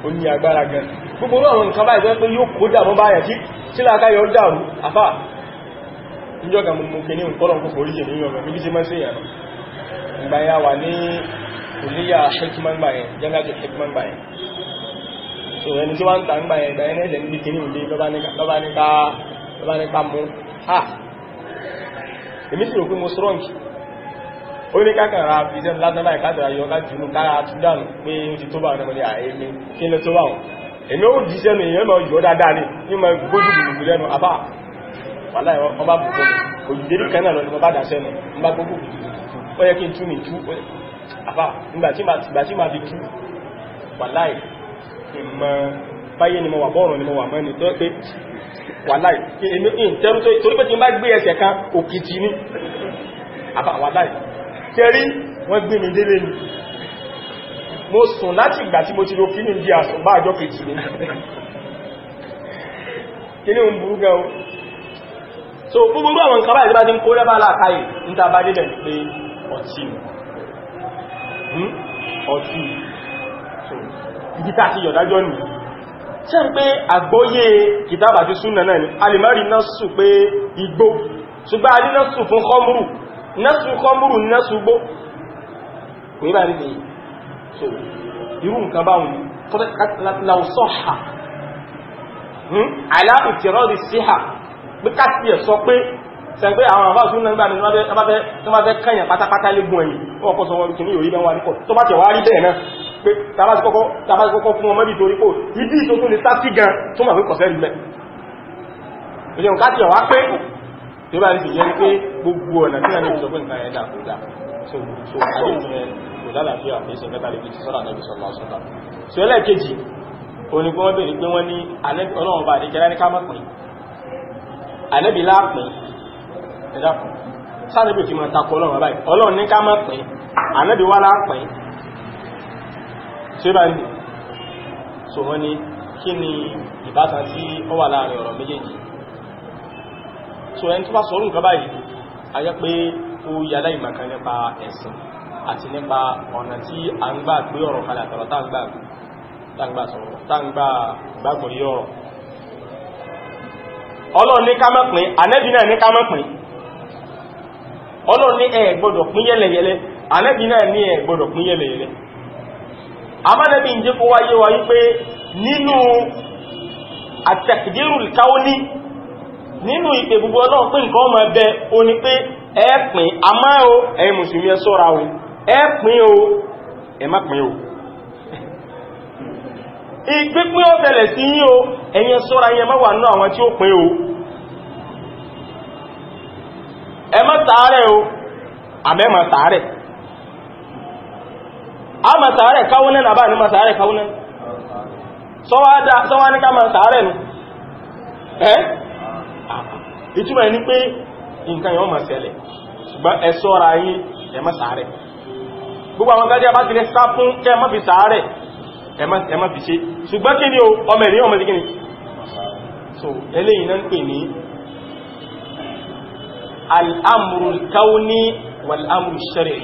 S1: ó ní agbára gan gbogbo àwọn nǹkan báyìí tó pé yóò kó dàmú báyà tí tí láàkáyọ̀ dàrú àfà níjọ́gà mú kí ní nǹkan lọ́nkọ́ orí yẹ̀ nínú ọmọ ibi tí máa ń sèyàn ìgbà ya wà ní òníyà hekman so ẹni tí wọ́n ń ta ń gbà yẹn ìgbà yẹn ẹ̀ẹ́sẹ̀ níbi kí bàbá nípa mú ha èmi sì rò mo strong ó ní kákàrà present lásán láì kádàrà yọ láti inú kára àtúndànù pé ó ti tó bá ọ̀nà mọ́lẹ̀ àìmí kí ló tó bá wọn èmi ó jí sẹ́nu èèyàn mọ̀ yọ dáadáa ní ní mọ̀ lẹ́nu àbá wàlá n wàláì ìtẹ́rù tó torí pé tí bá gbé ẹsẹ̀ kan òkìtì ní àbá wàláì kẹrí wọ́n gbé mi délé ni mo sùn láti ìgbà tí mo ti lo kíní di àsùn bá àjọ kìtì ní kíní ń burú gan o so gbogbo àwọn nǹkan báyìí bá ti ń kó lẹ́bàá láàkáyì ń ta bá délẹ̀ pé ọtí hmm? ọtí ìdítà ti yọ̀dájọ́ ṣe ń pé àgbóyé kìtàbà àti súnà náà ni alìmọ́rí násù pé igbó ṣùgbọ́n a ní násù fún kọmùrù násù kọmùrù násù gbó kò yíba ní tèyí so irú nǹkan báwọn láwùsọ́ha aláàtìrọ́dì síhà pé káàkiri ẹ̀ sọ pé sẹ̀gbé àwọn àbá òsùn náà gbàmí tó bá fẹ́ kànyà pátápátá légun ẹ̀yìn ọkọ̀ sọ wọn kìí yóò rí bẹ́ẹ̀ wá tó bá tẹ̀ rí bẹ́ẹ̀ náà pé tàbá ti kọ́kọ́ fún ọmọ bí torí kò ibi tó tún lè sá sí gan tó mọ̀ pé kọ̀sẹ́ rí mẹ́ ìjẹun ká tí ọ̀wá pé tí ó bá rí sí yẹ́ pé gbogbo ọ̀nà tí a ní ìjọpọ̀ nǹkan ẹ̀dà kò dá so àdéhùn yẹn kò lálàáfíà kì í ṣe mẹ́ta lè fi sọ́nà nẹ́bí sọ́nà sọ́nà so ẹlẹ́ẹ̀kejì òní pé wọ́n bèèrè pé wọ́n ní ọlọ́run bá àdékẹ́lá ní ká mọ̀ pín ànẹ́bí láàpín ẹ̀dàkùn sáàdébì fi mọ̀ takọ ọlọ́run báyìí ọlọ́run ní ká mọ̀ pín ànẹ́bí wá láàpín tí so wọ́n ni kí ni ìbáta tí ó wà láàrin ọ̀rọ̀ méjèèjì so ẹni tó bá sọ nǹkan báyìí a yẹ pé ó yàlá ìmọ̀kan nípa ẹ̀sìn àti nípa ọ̀nà tí a ń gbà gbé ọ̀rọ̀ kalẹ̀ àtọ̀rọ̀ táǹgbà sọ̀rọ̀ táǹgbà gbàgbọ̀ amánẹ́bí ń jẹ́ kó wáyé wa wípé nínú àtẹ̀kìdírù káwọ́ní nínú ìpè gbogbo ọlọ́run pé nǹkan ọmọ ẹbẹ o ní pé o ẹ̀yin mùsùlùmí ẹ ṣọ́ra o ẹ́pìn o ẹ o ìpínpín ó bẹ̀rẹ̀ sí yí o ẹ̀yin ṣọ́ra yẹn má wà náà àwọn tí ó o ẹ tààrẹ o àmẹ́ tààrẹ a ma sàárẹ̀ káwọ́nán àbá ní ma sàárẹ̀ káwọ́nán sọ́wọ́ ní ká ma sàárẹ̀ nù ẹ́ ìtumọ̀ ní yọ ma ṣẹlẹ̀ ṣùgbọ́n ẹ ṣọ́ra yín ẹ má sàárẹ̀ gbogbo àwọn gájá bá ti rẹ sá fún kẹ́ fi sàárẹ̀ ẹ má fi ṣe ṣùgbọ́n kí o ọmọ ènìyàn ọmọ ìdíkini so eléyìí náà ń pè ní al'amurul kauni wal'amurul shari'i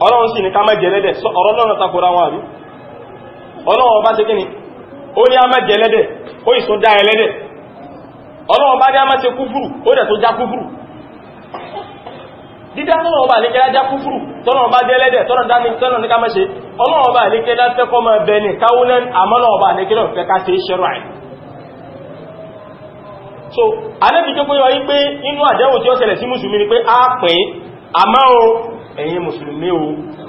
S1: ọlọ́run sì ní ká má jẹlẹ́dẹ̀ ọ̀rọ̀ lọ́nà takora wọn àbí ọlọ́run ọba ṣe kíni ó ní a má jẹlẹ́dẹ̀ ó ìsún dá ẹlẹ́dẹ̀ ọlọ́run bá ní a má ṣe kúfùrù ó dẹ̀ tó já kúfùrù dídá tọ́lọ́run bá lékẹ́lá já kúfùrù tọ́lọ́run bá jẹlẹ́dẹ̀ tọ́lọ́run ní ká má ṣe ọlọ́run bá lékẹ́lá fẹ́ so anẹ́bìjọ́ pé wọ́n yí pé inú àdẹ́wò tí a pè é ẹ̀yin mùsùlùmí o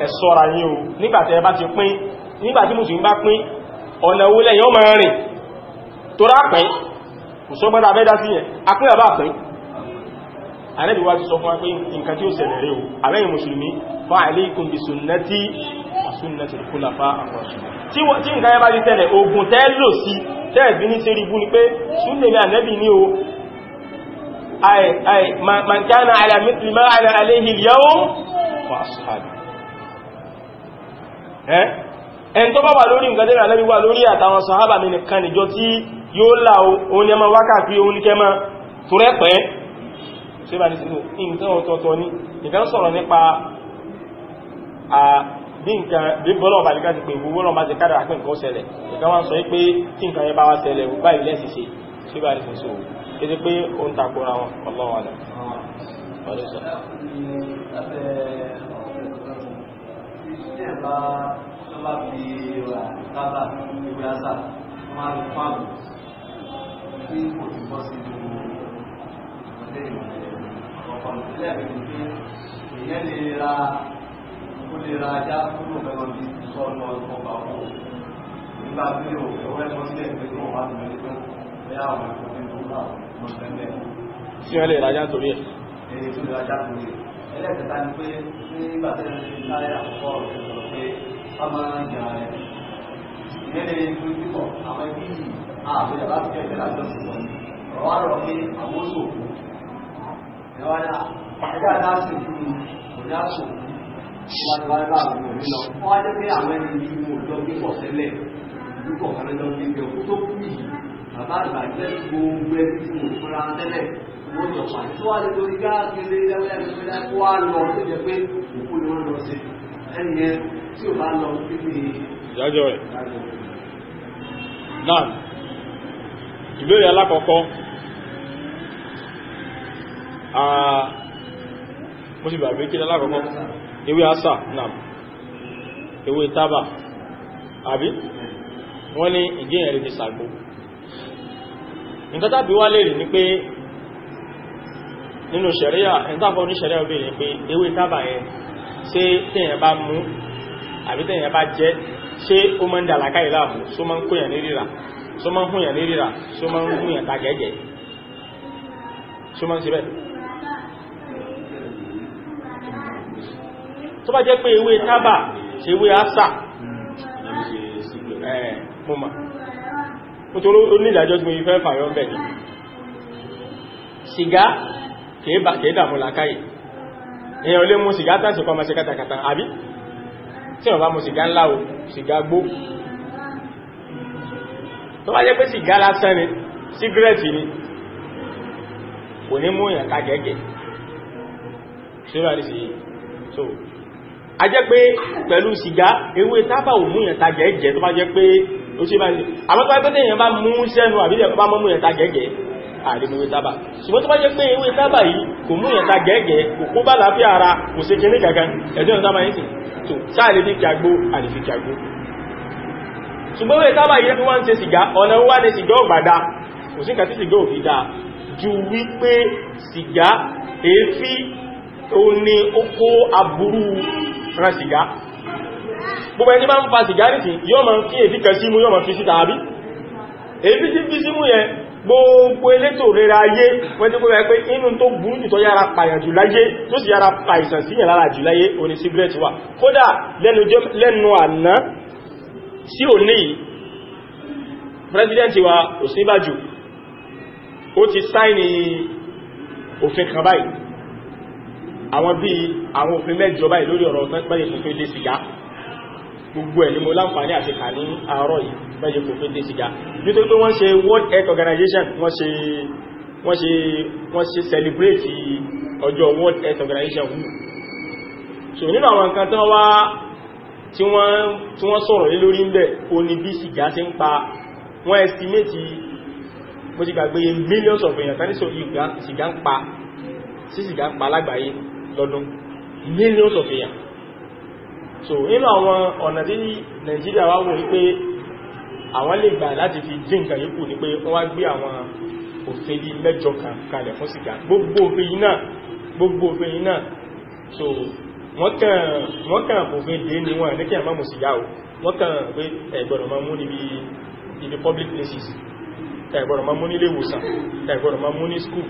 S1: ẹ ṣọ́ra o nígbàtẹ́ bá ti pín nígbàtí mùsùlùmí bá pín ọ̀nà owó lẹ́yìn ọmọ rìn tó rápín ìṣọ́gbọ́dá abẹ́dá sí yẹn apín àbá pín àrẹ́bíwá ti sọ fún wa nǹkan tí ó ṣẹlẹ̀ rẹ̀ o àrẹ́yìn mùsùlùmí fa alaykum bi sunnati wa sunnati al-khulafa ar-rashidin tí nǹkan yẹn bá ti ṣẹlẹ̀ ogun tẹ́lò sí tẹ́ẹ̀bí ní sérí bú ni pé súnlẹ̀mí ànẹ́bì ní o man kana ala mithli ma ana alayhi al wa ashabi eh en tó bá wà lórí nǹkan de na nabi wà lórí àtàwọn sahaba mi nìkan níjọ́ tí yóò là o òun ni ma wákàtí òun ni ke ma ture pe se ba ni sinu nǹkan ọ̀tọ̀ọ̀tọ̀ ni nǹkan sọ̀rọ̀ nípa a bí nǹkan bí bọ́lọ̀ bá lè káàkiri pé ìwúwọ́ lọ́mà ti kádàrà pé nǹkan ṣẹlẹ̀ nǹkan wọ́n sọ pé tí nǹkan yẹn bá wá ṣẹlẹ̀ wọ́n báyìí lẹ́sì ṣe sí bá rẹ̀ sọ kéde pé ó ń
S3: tí ẹ̀ bá tó bá fi tábà ìwé àṣà máa lè fáàbù tí kò ti bọ́ sí ju ọdẹ ìwọ̀n lẹ́ẹ̀kì pé èèyàn lè ra ó lè ra ajá kúrò mẹ́rọ bí sọ lọ ọgbà owó nígbà tí ó ẹwẹ́ lọ sílẹ̀ pé kí wọ́n wá ní mẹ́lẹ́ fún ẹ̀yà àwọn ẹ̀kọ́ tó ń bá wọn sẹ́lẹ̀.
S2: sí ọ lè rajà torí ẹ̀.
S3: èyí tó lè rajà torí ẹ̀ ẹlẹ́kẹta ni pé nígbà tẹ́lẹ̀ ní láyé àkọ́kọ́ rẹ̀ sọ pé a máa ń jà rẹ̀ ìyẹn lè ní pípọ̀ àwọn ẹbí yìí àbẹ̀ yàrá ti kẹ́kẹ́ láti ọ̀sẹ̀ pọ̀ ní ọ̀rọ̀ wá rọ̀ pé àwọn oṣù òkú ẹ̀wá ní àjá aláṣẹ fún mi kò ní aṣọ òkú wájúwájú bá àwọn òní lọ wọ́n wá jẹ́ pé àwọn ẹni yìí mo lọ pípọ̀ tẹ́lẹ̀ pípọ̀ kan lọ sí ibi ọkọ̀ tó kú yìí bàbá àgbà jẹ́ gbogbo ẹbí tí mo fúnra tẹ́lẹ̀ wọ́n jọ pa tó wà lórí káàkiri lẹ́wọ́lẹ́ lọ́wọ́lẹ́ kó wá lọ tó jẹ pé òkú ni wọ́n lọ sí ẹni yẹn tí ò bá lọ títí ìdájọ́ rẹ̀ náà ìbéèrè alákọ̀ọ́kọ́
S2: mo sì bàbí kí alákọ̀ọ́kọ́ ewé
S1: asà náà ewé tábà
S2: àbí hmm.
S1: wọ́n ní ìdí ẹ̀rẹ́ ti sàgbó wá lè rí ni pé nínú ṣẹ̀ríà ẹ̀ntàfọ́ ní ṣẹ̀ríà obìnrin pé ewé tábà yẹn ṣé tẹ́yàn bá mú àbí tẹ́yàn bá jẹ ṣé ó máa ń dà làákàyè láàmú ṣó máa ń kóyàn ní ríra ṣó máa ń húnyàn ní ríra ṣó máa ń húnyàn ta gẹ́gẹ́ ṣó máa ń síbẹ̀
S4: tó bá jẹ́ pé ewé tábà ṣe ewé ásà mo mà nítorí
S1: kéèdà fún làkáyì èyàn olè mú sìgá tàṣì kọ́ ma ṣe kátàkátà àbí tí wọ́n bá mú sìgá ńlá o sìgá gbó tó bá jẹ́ pé sìgá lásán ni sígírẹ́tì ni kò ní mú ìyàn ká gẹ́gẹ́ a jẹ́ pé pẹ̀lú sìgá ewé tábà ò mú ìyàn ta gẹ́gẹ́ tó bá jẹ́ pé ó ṣe bá ní àmọ́tọ́ ẹgbẹ́ tẹ́yàn bá mú sẹ́nu àbí bá mọ́ mú ìyàn ta àrèmọ̀wé tábà ṣùgbọ́n tó bá jẹ́ pé ewé tábà yìí kò mú ìyẹ̀ta gẹ́gẹ́ kò bá láfíà ara kò ṣe kéré gangan ẹ̀dùn ìdámà yìí sì tó sáà lè fi kíagbó àlè fi kíagbó ṣùgbọ́n ewé tábà yìí fi wá ń ṣe sìgá ọ̀nà wá ní sìgá ọ̀gbàdá kò sí nǹkan tí sìgá ò fi dáa ju wípé sìgá èéfí ó ní símú yóò gbogbo elétò rere ayé wọ́n tí kó rẹ̀ pé inú tó burú jù tó yára pàyàn jù láyé tó sì yára pàìsàn síyàn lára jù láyé oní sígírẹ́tì wà kódà lẹ́nu àná sí òní pẹ́sidẹ́ntì wa Ọ̀sínbàjò ó ti sáìnì òfin kan báyìí àwọn bíi àwọn òfin mẹ́jọ báyìí lórí ọ̀rọ̀ pẹ́lẹ̀ fún fẹ́ dé sìgá gbogbo ẹ̀ ni mo láǹfààní àti kà ní àárọ̀ yìí bẹ́yẹ kò fẹ́ dé sìgá nítorí pé wọ́n ṣe World Health Organization wọ́n ṣe wọ́n ṣe celebrate ọjọ́ World Health Organization wù so nínú àwọn nǹkan tán wá tí wọ́n sọ̀rọ̀ lé lórí ń bẹ̀ o ní bí sìgá ṣe ń pa wọ́n estimate mo ti gbàgbé millions of èèyàn tán ní sìgá ń pa sí sìgá ń pa lágbàáyé lọ́dún millions of èèyàn so inú àwọn ọ̀nà tí Nàìjíríà wá wọ́n wípé àwọn lè gbà láti fi dín nǹkan yìí kù ní pé wọ́n wá gbé àwọn òfin bí mẹ́jọ kan kalẹ̀ fún sìgá gbogbo òfin yìí náà gbogbo òfin yìí náà so wọ́n kàn wọ́n kàn òfin dé ní wọ́n ní kí àmọ́ mọ̀ sìgá o wọ́n kàn pé ẹ̀gbọ́dọ̀ máa mú níbi public places ẹ̀gbọ́dọ̀ máa mú ní ilé ìwòsàn ẹ̀gbọ́dọ̀ máa mú ní skúl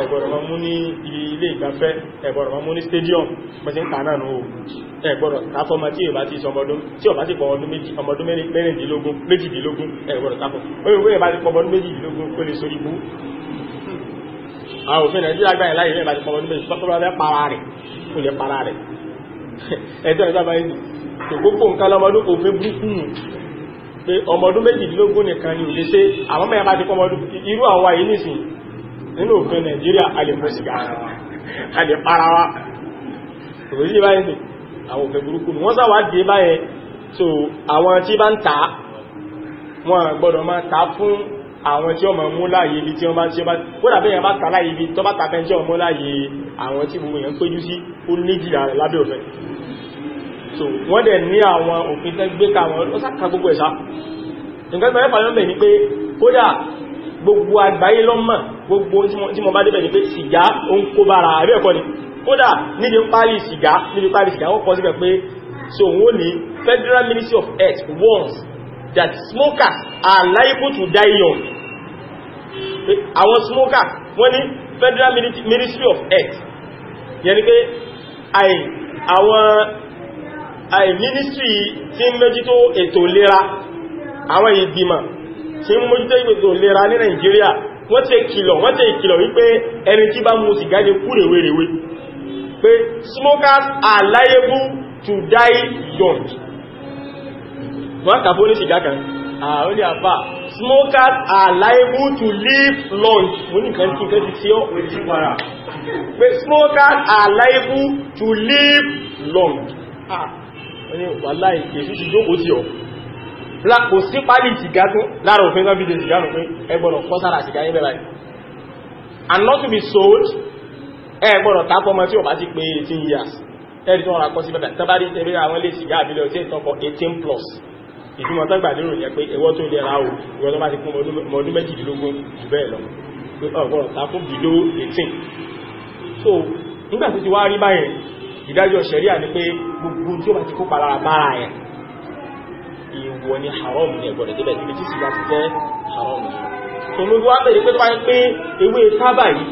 S1: ẹ̀gbọ́dọ̀ máa mú ní ilé ìgbafẹ́ ẹ̀gbọ́dọ̀ máa mú ní stadium mẹ́sí ń tànà nù ẹ̀gbọ́dọ̀ tàfọ́ ma tí ìbá ti sọ ọmọdún tí ọba ti pọ̀ ọmọdún mẹ́rìndínlógún méjìdínlógún ẹ̀gbọ́dọ̀ tàfọ́ oye bá ti pọ̀ ọmọdún méjìdínlógún ó lè sorí bú àwọn òfin nàìjíríà gbáyé láyé mẹ́bàá ti pọ̀ ọmọdún méjì tọ́tọ́ bá fẹ́ para rẹ̀ ó lè para rẹ̀ ẹ̀tọ́ ìjọba ẹ̀sìn kò gbogbo nǹkan lọ́mọdún òfin burúkú pé ọmọdún méjìdínlógún nìkan ni òlé ṣe àwọn mẹ́rin bá ti kọmọdún irú àwọn yìí nìsìn nínú òfin Nàìjíríà alẹ́fẹ́sìgá alẹ́parawa òwúrí báyìí sí àwọn òfin burúkú wọ́n sáwà dé báyẹn so àwọn tí bá ń ta wọn gbọ́dọ̀ so wọ́n dẹ̀ ní àwọn òfin tẹ́ gbé ká àwọn ọlọ́sàkà gbogbo ẹ̀sá nǹkan tó mẹ́fà lọ́mọ̀ ní pé kódà gbogbo àgbáyé lọ́mọ̀ gbogbo tí mo bá débẹ̀ ní pé sìgá ó ń kó bára àrí ẹ̀kọ́ ni kódà níbi páálí sìgá níbi páálí sìgá ó kọ síbẹ̀ pé so wọ́n ní Federal Ministry of Health warns that smokers are liable to die young àwọn smokers wọ́n ní Federal Ministry of Health yẹni pé àwọn àì ministry tí ń mójútó ètò lera àwọn ìgbìmọ̀ tí ń mójútó ètò lera ní Nàìjíríà wọ́n ti kìlọ̀ wọ́n ti kìlọ̀ wípé ẹni tí bá mu sìgá lè kú rèwerèwe pé smokers are liable to die young wọ́n kàfó ní sìgá kan àwọn ní àpá smokers are liable to live long mo ní kan tí kan ti tí ó ojú para pé smokers are liable to live long ah ní wàláì èsù ti jókòó tí ọ kò sí pálí ìsìgá tó lára òfin náà bíde ìsìgá nù pé ẹgbọ́nà kọ́ sára ìsìgá yẹ́ bẹ̀rẹ̀ and not to be sold ẹgbọ́nà tápọ̀ mọ́ tí ó bá ti pé 18 years ẹ̀rì tó rà kọ́ sí bẹ̀rẹ̀ tán bá rí ẹgbẹ́ àwọn ilé ìsìgá àbílẹ̀ ọ̀tí ìtọ́kọ̀ 18 plus ìtumọ̀ tán gbà lérò yẹ pé ẹwọ́ tó lè ra ò ìwọ́n tó bá ti kún ọdún méjìdínlógún jù bẹ́ẹ̀ lọ pé ọgbọ́n tápọ̀ below 18 so nígbà tó ti wá rí báyẹn ìdájọ́ ṣẹ̀ríà ní pé gbogbo tí ó bá ti kó palára bára ẹ̀
S2: ìwọ ni haram ní ẹgbọ̀rẹ̀ débẹ̀ tí sì bá ti jẹ́ haram ní tòlójú wá bẹ̀rẹ̀ pé tó bá ń pé
S1: ewé tábà yìí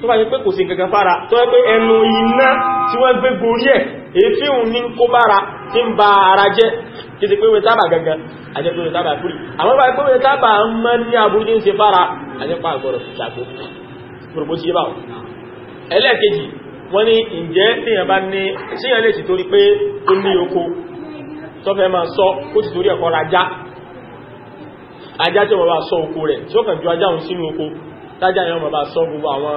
S1: tó bá ń pé kò sí gẹ̀gẹ̀ fara tó ń pé ẹnu iná tí wọ́n gbé gorí ẹ̀ èéfì òun ní kó bára tí ń ba ara jẹ́ kí ti pé ewé tábà gangan àjẹpé ewé àwọn bá pé ewé ń mọ́ ní aburú tí ń ṣe fara àjẹpá àgbọ̀rọ̀ ṣàkó wọ́n ní ìjẹ́ tíyàn bá ní síyàn lè sì torí pé ó ní oko tó fẹ́ máa sọ ó sì torí ẹ̀kọ́ rajá ajá tí wọ́n bá sọ oko rẹ̀ tí ó kàn ju ajá òun sínú oko tájá yẹn wọ́n sọ gbogbo àwọn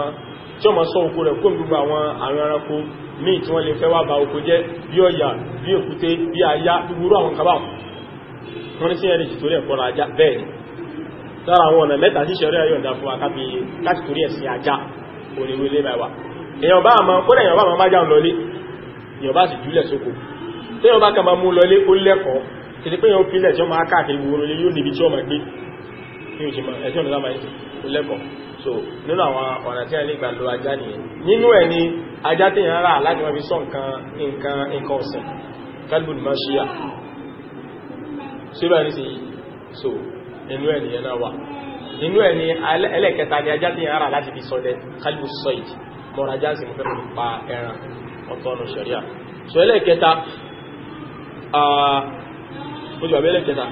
S1: tí wọ́n sọ oko rẹ̀ kóòm gbogbo àwọn àrùn ẹranko míì tí wọ́n lè fẹ́ wá ba oko jẹ́ bí ọ̀yà bí èkúté bí aya gbogbo àwọn kaba wọ́n ní síyàn lè sì torí ẹ̀kọ́ rajá bẹ́ẹ̀ ni lára àwọn ọ̀nà mẹ́ta tí ìṣẹ̀rẹ́ yọ̀ǹda fún wa káfí torí ẹ̀sìn ajá òní wọlé báyìí èyàn bá àmọ́ kódà èyàn bá àmọ́ májá lọlé èyàn bá sì jùlẹ̀ sóko tí èyàn bá kà máa mú lọlé ó lẹ́kọ̀ọ́ kì í pé èyàn pínlẹ̀ tí ó máa káàkiri gbogbo lé yóò níbi tí ó máa gbé so nínú àwọn ọ̀nà tí a lè gbà ajá ni ajá tí èyàn rà láti wọ́n fi sọ nǹkan nǹkan nǹkan ọ̀sìn kalbun mashiya síbẹ̀ ní sí so inú ẹ̀ nìyẹn náà wà inú ẹ̀ ni ẹlẹ́kẹta ni ajá tí èyàn rà láti fi sọdẹ kalbun
S2: sọ́ìdì mọ́ra jáàsì mo pa ẹran ọ̀tọ̀ọ̀nù ṣẹ̀ríà so ẹlẹ́ẹ̀kẹta ojú àbí ẹlẹ́ẹ̀kẹta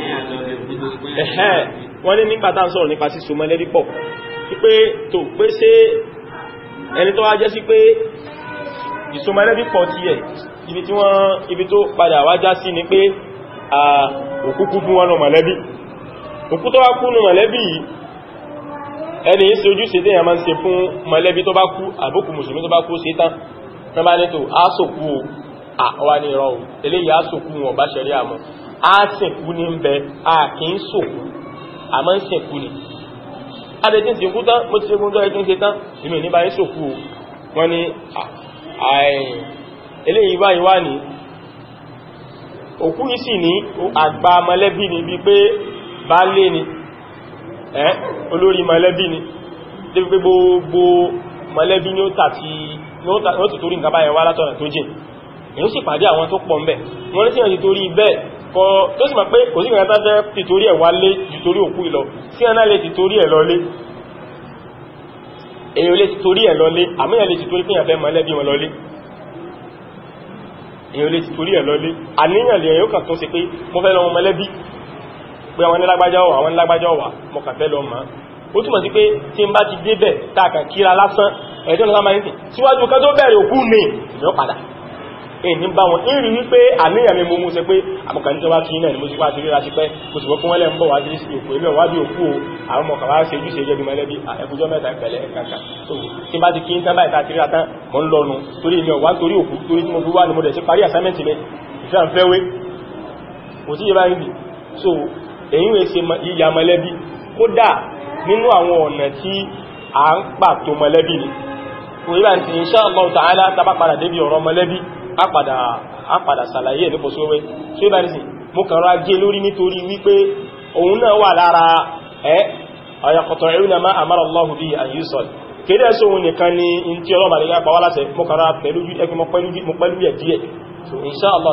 S2: ẹ̀hẹ́
S1: wọ́n ní nígbà táà ń sọ̀rọ̀ nípa síso mọ́lẹ́rí pọ̀ pípé tó pé ṣe ẹni tó wá jẹ́ sí pé ìsọmọ́lẹ́rí pọ̀ tí ẹ̀ ibi tí wọ́n ibi tó padà wá sí ni pé òkúkú fún wọn mọ̀lẹ́bí òkú tó wá kú nù mọ̀lẹ́bí yìí ẹni yìí sí ojúṣe tí èyàn máa ń ṣe fún mọ̀lẹ́bí tó bá kú àbókù mùsùlùmí tó bá kú sí tán tó bá ní tó aṣòkú àwa ní ìrọ̀ eléyìí aṣòkú wọn bá ṣẹ̀rí àmọ́ a sìnkú ní ń bẹ a kì í sòkú a máa ń sìnkú ni adẹ́tí ti kú tán mo ti ṣe gúnjọ́ ẹkí ń ṣe tán inú ní báyìí sòkú wọn ni eléyìí báyìí wà ní òkú yìí sì ní àgbà mọ̀lẹ́bí ni bí pé bá lé ni ẹ́ eh, olórí mọ̀lẹ́bí ni débi pé gbogbo mọ̀lẹ́bí ni ó tàti ó ti torí nǹkan báyẹ̀ wá látọ̀nà tó jìn èyí sì pàdé àwọn tó pọ̀ mẹ́ wọ́n tí wọ́n ti torí bẹ́ẹ̀ kọ tó sì mọ̀ pé kò sí ìrìnàtà jẹ́ tìtorí ẹ̀ wá lé tìtorí òkú ìlọ sí ẹ̀nà lè tìtorí ẹ̀ lọ lé èyàn lè tìtorí ẹ̀ lọ lé àmìyàn lè tìtorí pìyàn fẹ́ mọ̀lẹ́bí wọn lọ lé èyàn lè tìtorí ẹ̀ lọ lé àníyàn lè yóò kàn tó sì pé mo fẹ́ lọ mọ̀lẹ́bí pé àwọn nílágbájá ọ̀wà àwọn nílágbájá ọ̀wà mo kàn fẹ́ lọ mọ̀ ó túmọ̀ sí pé tí n bá ti débẹ̀ tààkà kíra lásán ẹ̀jọ́ nílá máa ń sìn síwájú kan tó bẹ̀rẹ̀ òkú ni ìjọ padà èyí bá wọn ìrì wípé àníyàn mi mú mú ṣe pé àmọ̀kàn tó bá kí náà ni mo ti wá ti ríra sí pé kò sì wọ́pọ̀ wọ́lẹ̀ ń bọ̀ wá sí sí òkú ilé wádìí òkú o àwọn ọmọkàn wá ṣe ojúṣe jẹ́ bí mẹ́lẹ́bí ẹkùjọ́ mẹ́ta ìpẹ̀lẹ̀ kankan so tí bá ti kí ń tán báyìí tàbí ríra tán mọ́ ń lọnu torí mi ò wá torí òkú torí tí mo fi wá ni mo dẹ̀ sí parí assignment mi ìfẹ́ àǹfẹ́wé kò sí yẹ báyìí so èyí wèé ṣe ìyà mọ̀lẹ́bí kódà nínú àwọn ọ̀nà tí a ń pàtó mọ̀lẹ́bí ni òyìnbá ti insha Allah ta'ala padà débi ọ̀rọ̀ mọ̀lẹ́bí a padà sàlàyé ní kòsówé ṣe bá e òun amara nìkan ni in tí ọlọ́mà lè yàpá wá láti mọ́kànlá pẹ̀lú insha Allah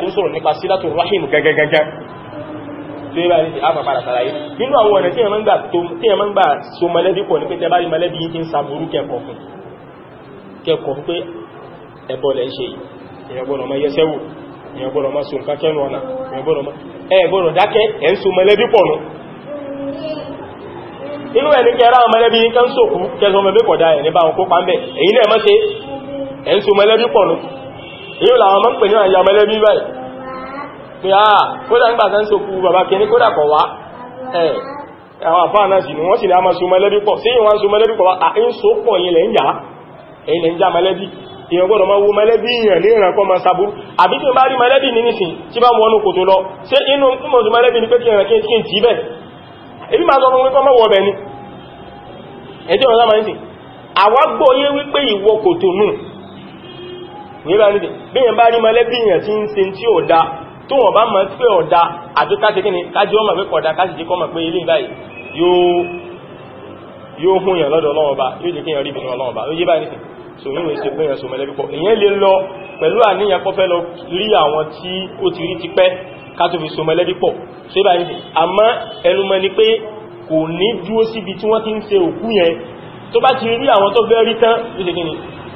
S1: tó sọ̀rọ̀ nípa gẹ́gẹ́gẹ́gẹ́ lórí báyìí sí àpapà àtàlàyé nínú àwọn ọ̀nà tí ẹ máa ń gbà so mọ̀lẹ́bí pọ̀ ní pé tẹ bá rí mọ̀lẹ́bí yìí tí ń sàbúrú kẹ́kọ̀ọ́ fún kẹ́kọ̀ọ́ pé ẹbọ lẹ́ ń ṣe yìí èèyàn gbọ́dọ̀ máa yẹsẹ́ wò èèyàn gbọ́dọ̀ máa so nǹkan kẹ́nu ọ̀nà èèyàn gbọ́dọ̀ dákẹ́ ẹ̀ ń pé àà ah, kódà ń gbàtà ń sókú bàbá kìíní kódà kọ̀ wá ẹ̀ àwọn ni wọ́n sì ní a máa so mẹ́lẹ́bí pọ̀ sí ìwọ̀n so mẹ́lẹ́bí pọ̀ à ń so pọ̀ ilẹ̀ ń yà ilẹ̀ ń já mẹ́lẹ́bí gbọ́dọ̀ máa wo mẹ́lẹ́bí èèyàn ní ìrànkọ́ máa sabú àbí tí ó bá rí mẹ́lẹ́bí ní nìsìn tí bá wọnú kò tó lọ ṣe inú mọ̀sù mẹ́lẹ́bí pé kí ìrànkí kí ni ẹjọ́ máa tó wọ́n bá mọ̀ pé ọ̀dá àti káṣe kí ni kájí ọmọ pé kọ̀dá káṣì jí kọmọ̀ pé ilé ìbáyìí yóò hún yàn lọ́dọ̀ ọlọ́ọ̀bá yóò jẹ́ kí yàn rí ibi ọlọ́ọ̀bá ó yé báyìí nìkan so yíò ṣe pé yàn so mẹ́lẹ́bí pọ̀ èyàn lè lọ pẹ̀lú àníyàn kọ́ fẹ́ lọ rí àwọn tí ó ti rí ti pẹ́ ká tó fi so mẹ́lẹ́bí pọ̀ so yé báyìí nìkan àmọ́ ẹnumọ́ ni pé kò ní dúró síbi tí wọ́n ti ń ṣe òkú yẹn tó bá ti rí àwọn tó fẹ́ rí tán yóò ṣe kí ni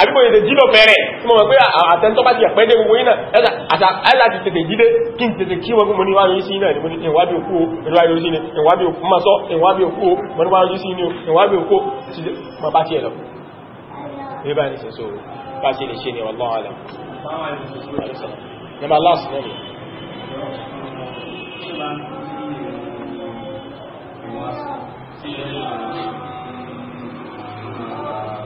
S1: àbíkò èdè jílò fẹ́rẹ̀ tí mo mọ̀ pé àtẹ́ntọ́ bá ti ẹ̀pẹ́ dé gbogbo iná láti tètè jíde kí n tètè kí wọ́n mọ́ni wáyé sí iná ìmọ́ni ìwábí òkú o ìwábí òkú o ìwábí òkú o ìwábí òkú o mọ́ni wáyé sí iná ìwábí òkú o ti mọ̀ bá ti ẹ̀ lọ ríbá ní sẹ́sọ́ bá ti lè ṣe ní
S4: Thank you.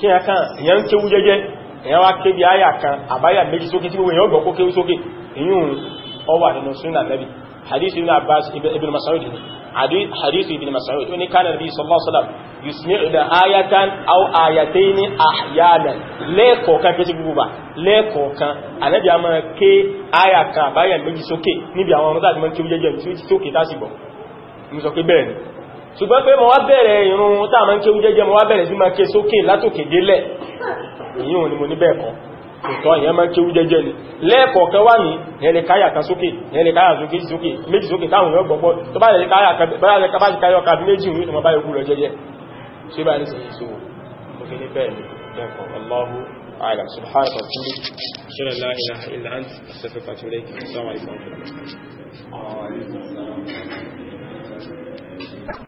S1: kí a kan èyàn ń kéwú jẹ́jẹ́ èyàn wá kébi àyà kan àbáyà méjì sókè tí gbogbo èyàn gbọ́ kó kéwú sókè èyàn ó wà nínú sunna nabi hadith ibn abbas ibn mas'ud hadith ibn mas'ud ó ní kana nabi sallallahu alaihi wasallam yusmi'u da ayatan aw ayatayn ahyanan lẹ́ẹ̀kọ̀ọ̀kan kesi gbogbo ba lẹ́ẹ̀kọ̀ọ̀kan anabi a máa ké ṣùgbọ́n pé mo wá bẹ̀rẹ̀ ìrun táàmà ń kéwú jẹ́jẹ́ mo wá bẹ̀rẹ̀ sí máa ké sókè látòkè délẹ̀ èyí òní mo ní bẹ́ẹ̀ kọ́ ìtọ́ ìyẹn máa kéwú jẹ́jẹ́ ni lẹ́ẹ̀kọ̀ọ̀kẹ́ wà ní ẹ̀rẹ̀ káyà kan sókè ẹ̀rẹ̀ káyà ni lẹ́ẹ̀kọ́ Allahu a'lam subhanahu
S4: wa
S3: ta'ala